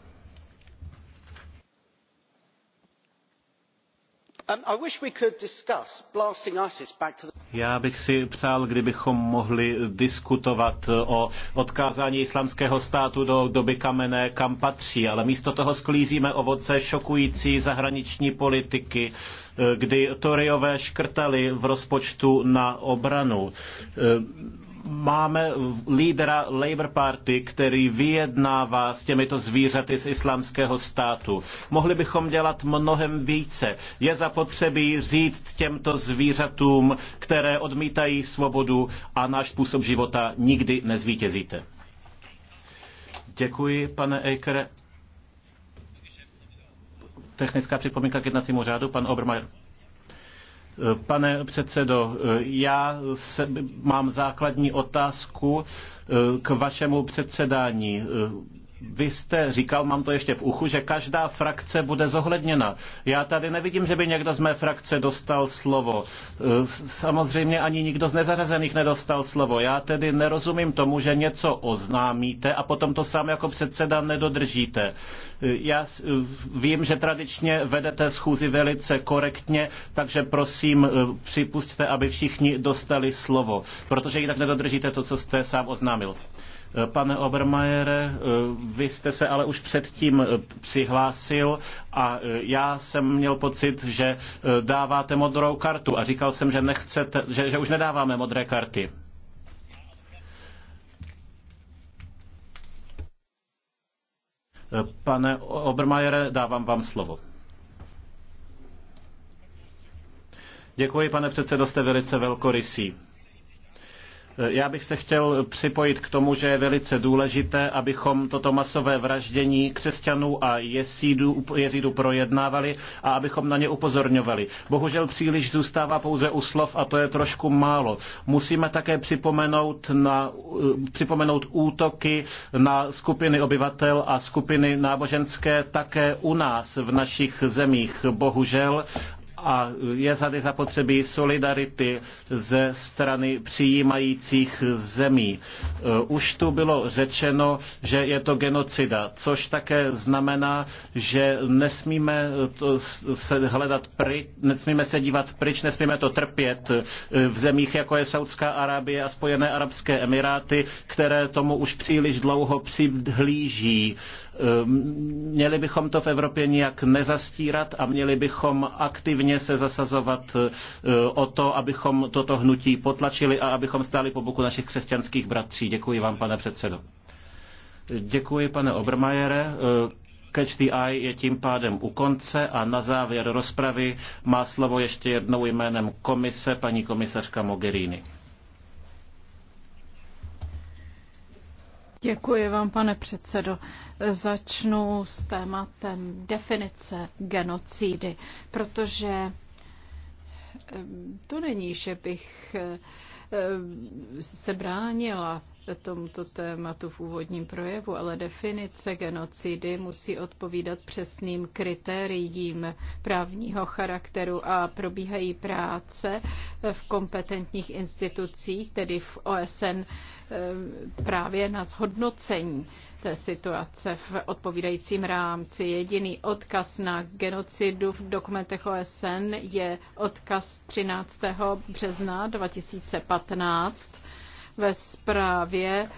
Já bych si přál, kdybychom mohli diskutovat uh, o odkázání islamského státu do doby kamene, kam patří, ale místo toho sklízíme ovoce šokující zahraniční politiky, uh, kdy Toryové škrtali v rozpočtu na obranu uh, máme lídra Labour Party, který vyjednává s těmito zvířaty z islámského státu. Mohli bychom dělat mnohem více. Je zapotřebí říct těmto zvířatům, které odmítají svobodu a náš způsob života nikdy nezvítězíte. Děkuji, pane Eker. Technická připomínka k jednacímu řádu, pan Obermajer. Pane předsedo, já se, mám základní otázku eh, k vašemu předsedání. Eh, vy jste říkal, mám to ještě v uchu, že každá frakce bude zohledněna. Já tady nevidím, že by někdo z mé frakce dostal slovo. Samozřejmě ani nikdo z nezařazených nedostal slovo. Já tedy nerozumím tomu, že něco oznámíte a potom to sám jako předseda nedodržíte. Já vím, že tradičně vedete schůzi velice korektně, takže prosím eh, připustte, aby všichni dostali slovo, protože jinak nedodržíte to, co jste sám oznámil. Pane Obermajere, eh, vy jste se ale už předtím eh, přihlásil a eh, já jsem měl pocit, že dáváte modrou kartu a říkal jsem, že, nechcete, že, že už nedáváme modré karty. Pane Obermajere, dávám vám slovo. Děkuji, pane předsedo, jste velice velkorysí. Eh, já bych se chtěl připojit k tomu, že je velice důležité, abychom toto masové vraždění křesťanů a jezídů, projednávali a abychom na ně upozorňovali. Bohužel příliš zůstává pouze u slov a to je trošku málo. Musíme také připomenout, na, eh, připomenout útoky na skupiny obyvatel a skupiny náboženské také u nás v našich zemích. Bohužel a je tady zapotřebí solidarity ze strany přijímajících zemí. Eh, už tu bylo řečeno, že je to genocida, což také znamená, že nesmíme se hledat pry, nesmíme se dívat pryč, nesmíme to trpět eh, v zemích, jako je Saudská Arábie a Spojené Arabské Emiráty, které tomu už příliš dlouho přihlíží Ehm, měli bychom to v Evropě nijak nezastírat a měli bychom aktivně se zasazovat eh, o to, abychom toto hnutí potlačili a abychom stáli po boku našich křesťanských bratří. Děkuji vám, pane předsedo. Děkuji, pane Obermajere. Eh, Catch the Eye je tím pádem u konce a na závěr rozpravy má slovo ještě jednou jménem komise paní komisařka Mogherini. Děkuji vám, pane předsedo. Začnu s tématem definice genocídy, protože eh, to není, že bych eh, se bránila tomuto tématu v úvodním projevu, ale definice genocidy musí odpovídat přesným kritériím právního charakteru a probíhají práce v kompetentních institucích, tedy v OSN eh, právě na zhodnocení té situace v odpovídajícím rámci. Jediný odkaz na genocidu v dokumentech OSN je odkaz 13. března 2015 ve zprávě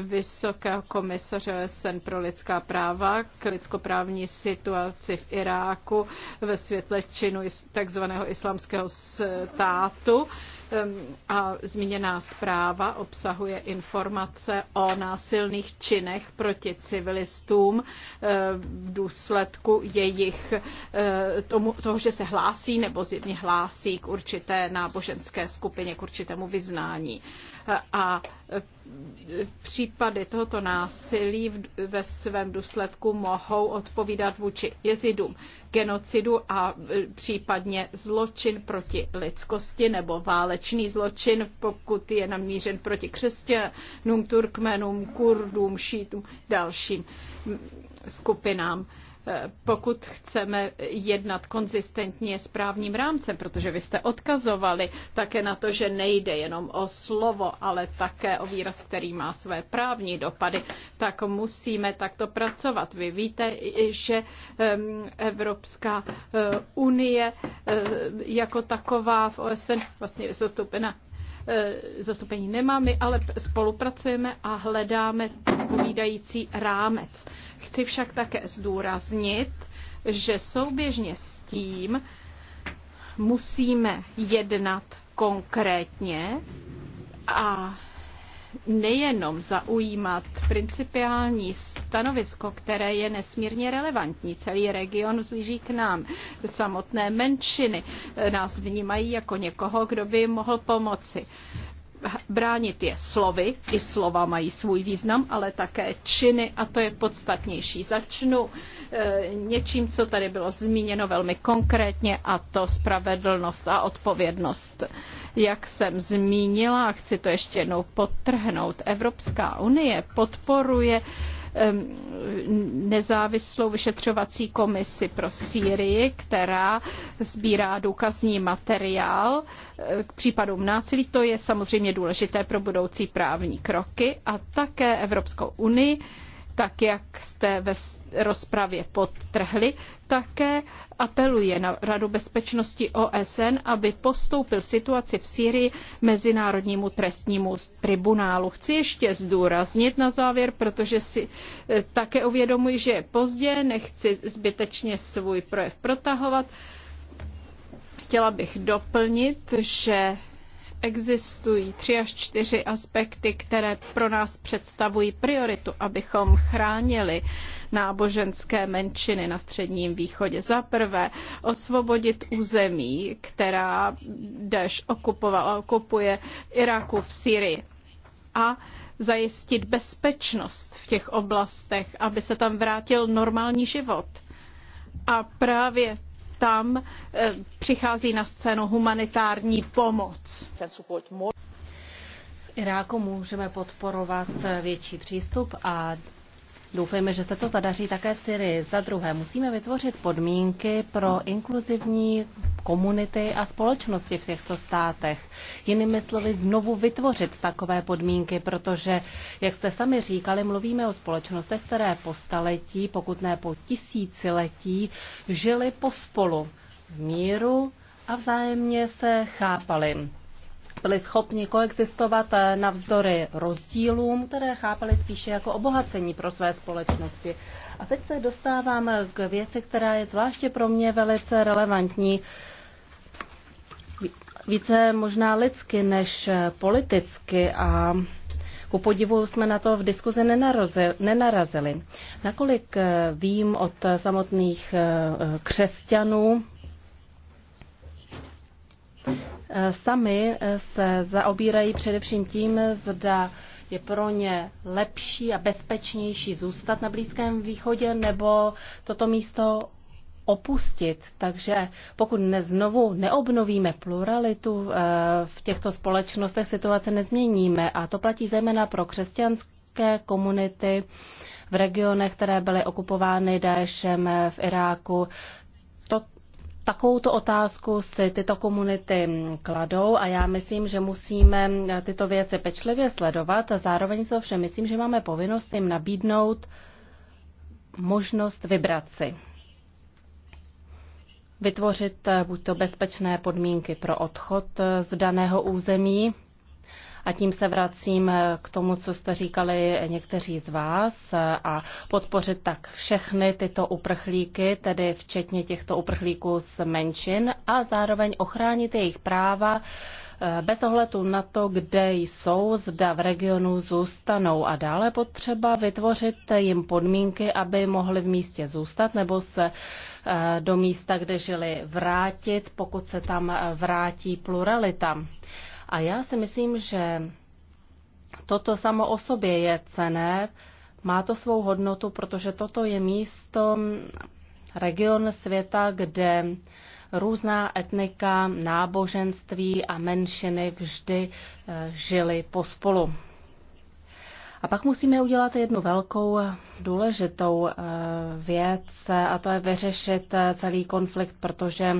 Vysokého komisaře SN pro lidská práva k lidskoprávní situaci v Iráku ve světle činu takzvaného islamského státu. A zmíněná zpráva obsahuje informace o násilných činech proti civilistům v důsledku jejich tomu, toho, že se hlásí nebo zjevně hlásí k určité náboženské skupině, k určitému vyznání a e, případy tohoto násilí ve svém důsledku mohou odpovídat vůči jezidům genocidu a e, případně zločin proti lidskosti nebo válečný zločin, pokud je namířen proti křesťanům, turkmenům, kurdům, šítům, dalším skupinám. Eh, pokud chceme jednat konzistentně s právním rámcem, protože vy jste odkazovali také na to, že nejde jenom o slovo, ale také o výraz, který má své právní dopady, tak musíme takto pracovat. Vy víte, že Evropská eh, unie eh, jako taková v OSN vlastně zastoupena E, zastoupení nemá, my ale spolupracujeme a hledáme odpovídající rámec. Chci však také zdůraznit, že souběžně s tím musíme jednat konkrétně a nejenom zaujímat principiální stanovisko, které je nesmírně relevantní. Celý region zlíží k nám. Samotné menšiny nás vnímají jako někoho, kdo by jim mohl pomoci bránit je slovy, i slova mají svůj význam, ale také činy a to je podstatnější. Začnu eh, něčím, co tady bylo zmíněno velmi konkrétně a to spravedlnost a odpovědnost. Jak jsem zmínila, a chci to ještě jednou podtrhnout, Evropská unie podporuje nezávislou vyšetřovací komisi pro Sýrii, která sbírá důkazní materiál eh, k případům násilí. To je samozřejmě důležité pro budoucí právní kroky a také Evropskou unii tak jak jste ve rozpravě podtrhli, také apeluje na Radu bezpečnosti OSN, aby postoupil situaci v Sýrii Mezinárodnímu trestnímu tribunálu. Chci ještě zdůraznit na závěr, protože si eh, také uvědomuji, že je pozdě, nechci zbytečně svůj projev protahovat. Chtěla bych doplnit, že existují tři až čtyři aspekty, které pro nás představují prioritu, abychom chránili náboženské menšiny na Středním východě. Za prvé, osvobodit území, která Daesh okupovala, okupuje v Iraku, v Syrii. A zajistit bezpečnost v těch oblastech, aby se tam vrátil normální život. A právě tam eh, přichází na scénu humanitární pomoc. Iráku můžeme podporovat eh, větší přístup a Doufejme, že se to zadaří také v Syrii. Za druhé, musíme vytvořit podmínky pro inkluzivní komunity a společnosti v těchto státech. Jinými slovy, znovu vytvořit takové podmínky, protože, jak jste sami říkali, mluvíme o společnostech, které po staletí, pokud ne po tisíciletí, žili pospolu v míru a vzájemně se chápali byli schopni koexistovat eh, navzdory rozdílům, které chápali spíše jako obohacení pro své společnosti. A teď se dostávám k věci, která je zvláště pro mě velice relevantní, více možná lidsky než politicky a ku podivu jsme na to v diskuzi nenarazili. Nakolik eh, vím od samotných eh, křesťanů, Sami se zaobírají především tím, zda je pro ně lepší a bezpečnější zůstat na Blízkém východě nebo toto místo opustit. Takže pokud ne, znovu neobnovíme pluralitu eh, v těchto společnostech, situace nezměníme. A to platí zejména pro křesťanské komunity v regionech, které byly okupovány Daeshem v Iráku, Takovouto otázku si tyto komunity kladou a já myslím, že musíme tyto věci pečlivě sledovat a zároveň se ovšem myslím, že máme povinnost jim nabídnout možnost vybrat si. Vytvořit eh, buď to bezpečné podmínky pro odchod eh, z daného území, a tím se vracím eh, k tomu, co jste říkali někteří z vás eh, a podpořit tak všechny tyto uprchlíky, tedy včetně těchto uprchlíků z menšin a zároveň ochránit jejich práva eh, bez ohledu na to, kde jsou, zda v regionu zůstanou a dále potřeba vytvořit jim podmínky, aby mohli v místě zůstat nebo se do místa, kde žili, vrátit, pokud se tam vrátí pluralita. A já si myslím, že toto samo o sobě je cené, má to svou hodnotu, protože toto je místo, region světa, kde různá etnika, náboženství a menšiny vždy eh, žili pospolu. A pak musíme udělat jednu velkou eh, důležitou eh, věc, a to je vyřešit celý konflikt, protože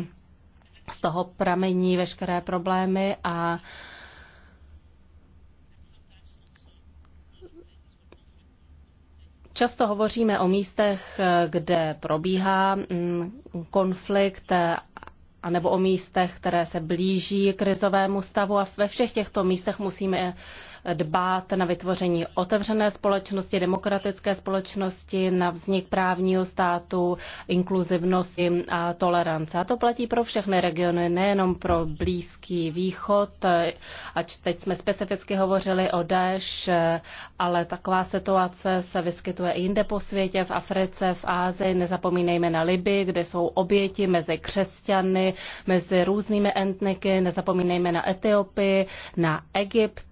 z toho pramení veškeré problémy a Často hovoříme o místech, kde probíhá mm, konflikt anebo o místech, které se blíží krizovému stavu a ve všech těchto místech musíme dbát na vytvoření otevřené společnosti, demokratické společnosti, na vznik právního státu, inkluzivnosti a tolerance. A to platí pro všechny regiony, nejenom pro Blízký východ, ač teď jsme specificky hovořili o Daesh, ale taková situace se vyskytuje i jinde po světě, v Africe, v Ázii, nezapomínejme na Liby, kde jsou oběti mezi křesťany, mezi různými etniky, nezapomínejme na Etiopii, na Egypt,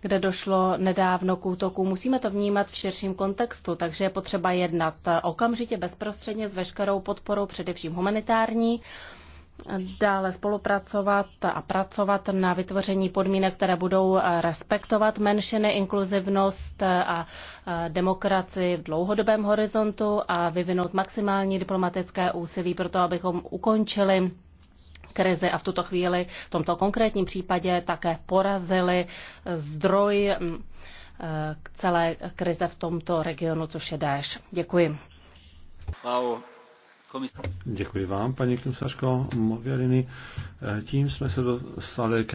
kde došlo nedávno k útoku. Musíme to vnímat v širším kontextu, takže je potřeba jednat okamžitě, bezprostředně s veškerou podporou, především humanitární, dále spolupracovat a pracovat na vytvoření podmínek, které budou respektovat menšiny, inkluzivnost a demokracii v dlouhodobém horizontu a vyvinout maximální diplomatické úsilí pro to, abychom ukončili krizi a v tuto chvíli v tomto konkrétním případě také porazili zdroj mm, eh, k celé krize v tomto regionu, což je Daesh. Děkuji. Děkuji vám, paní komisařko Mogherini. Eh, tím jsme se dostali k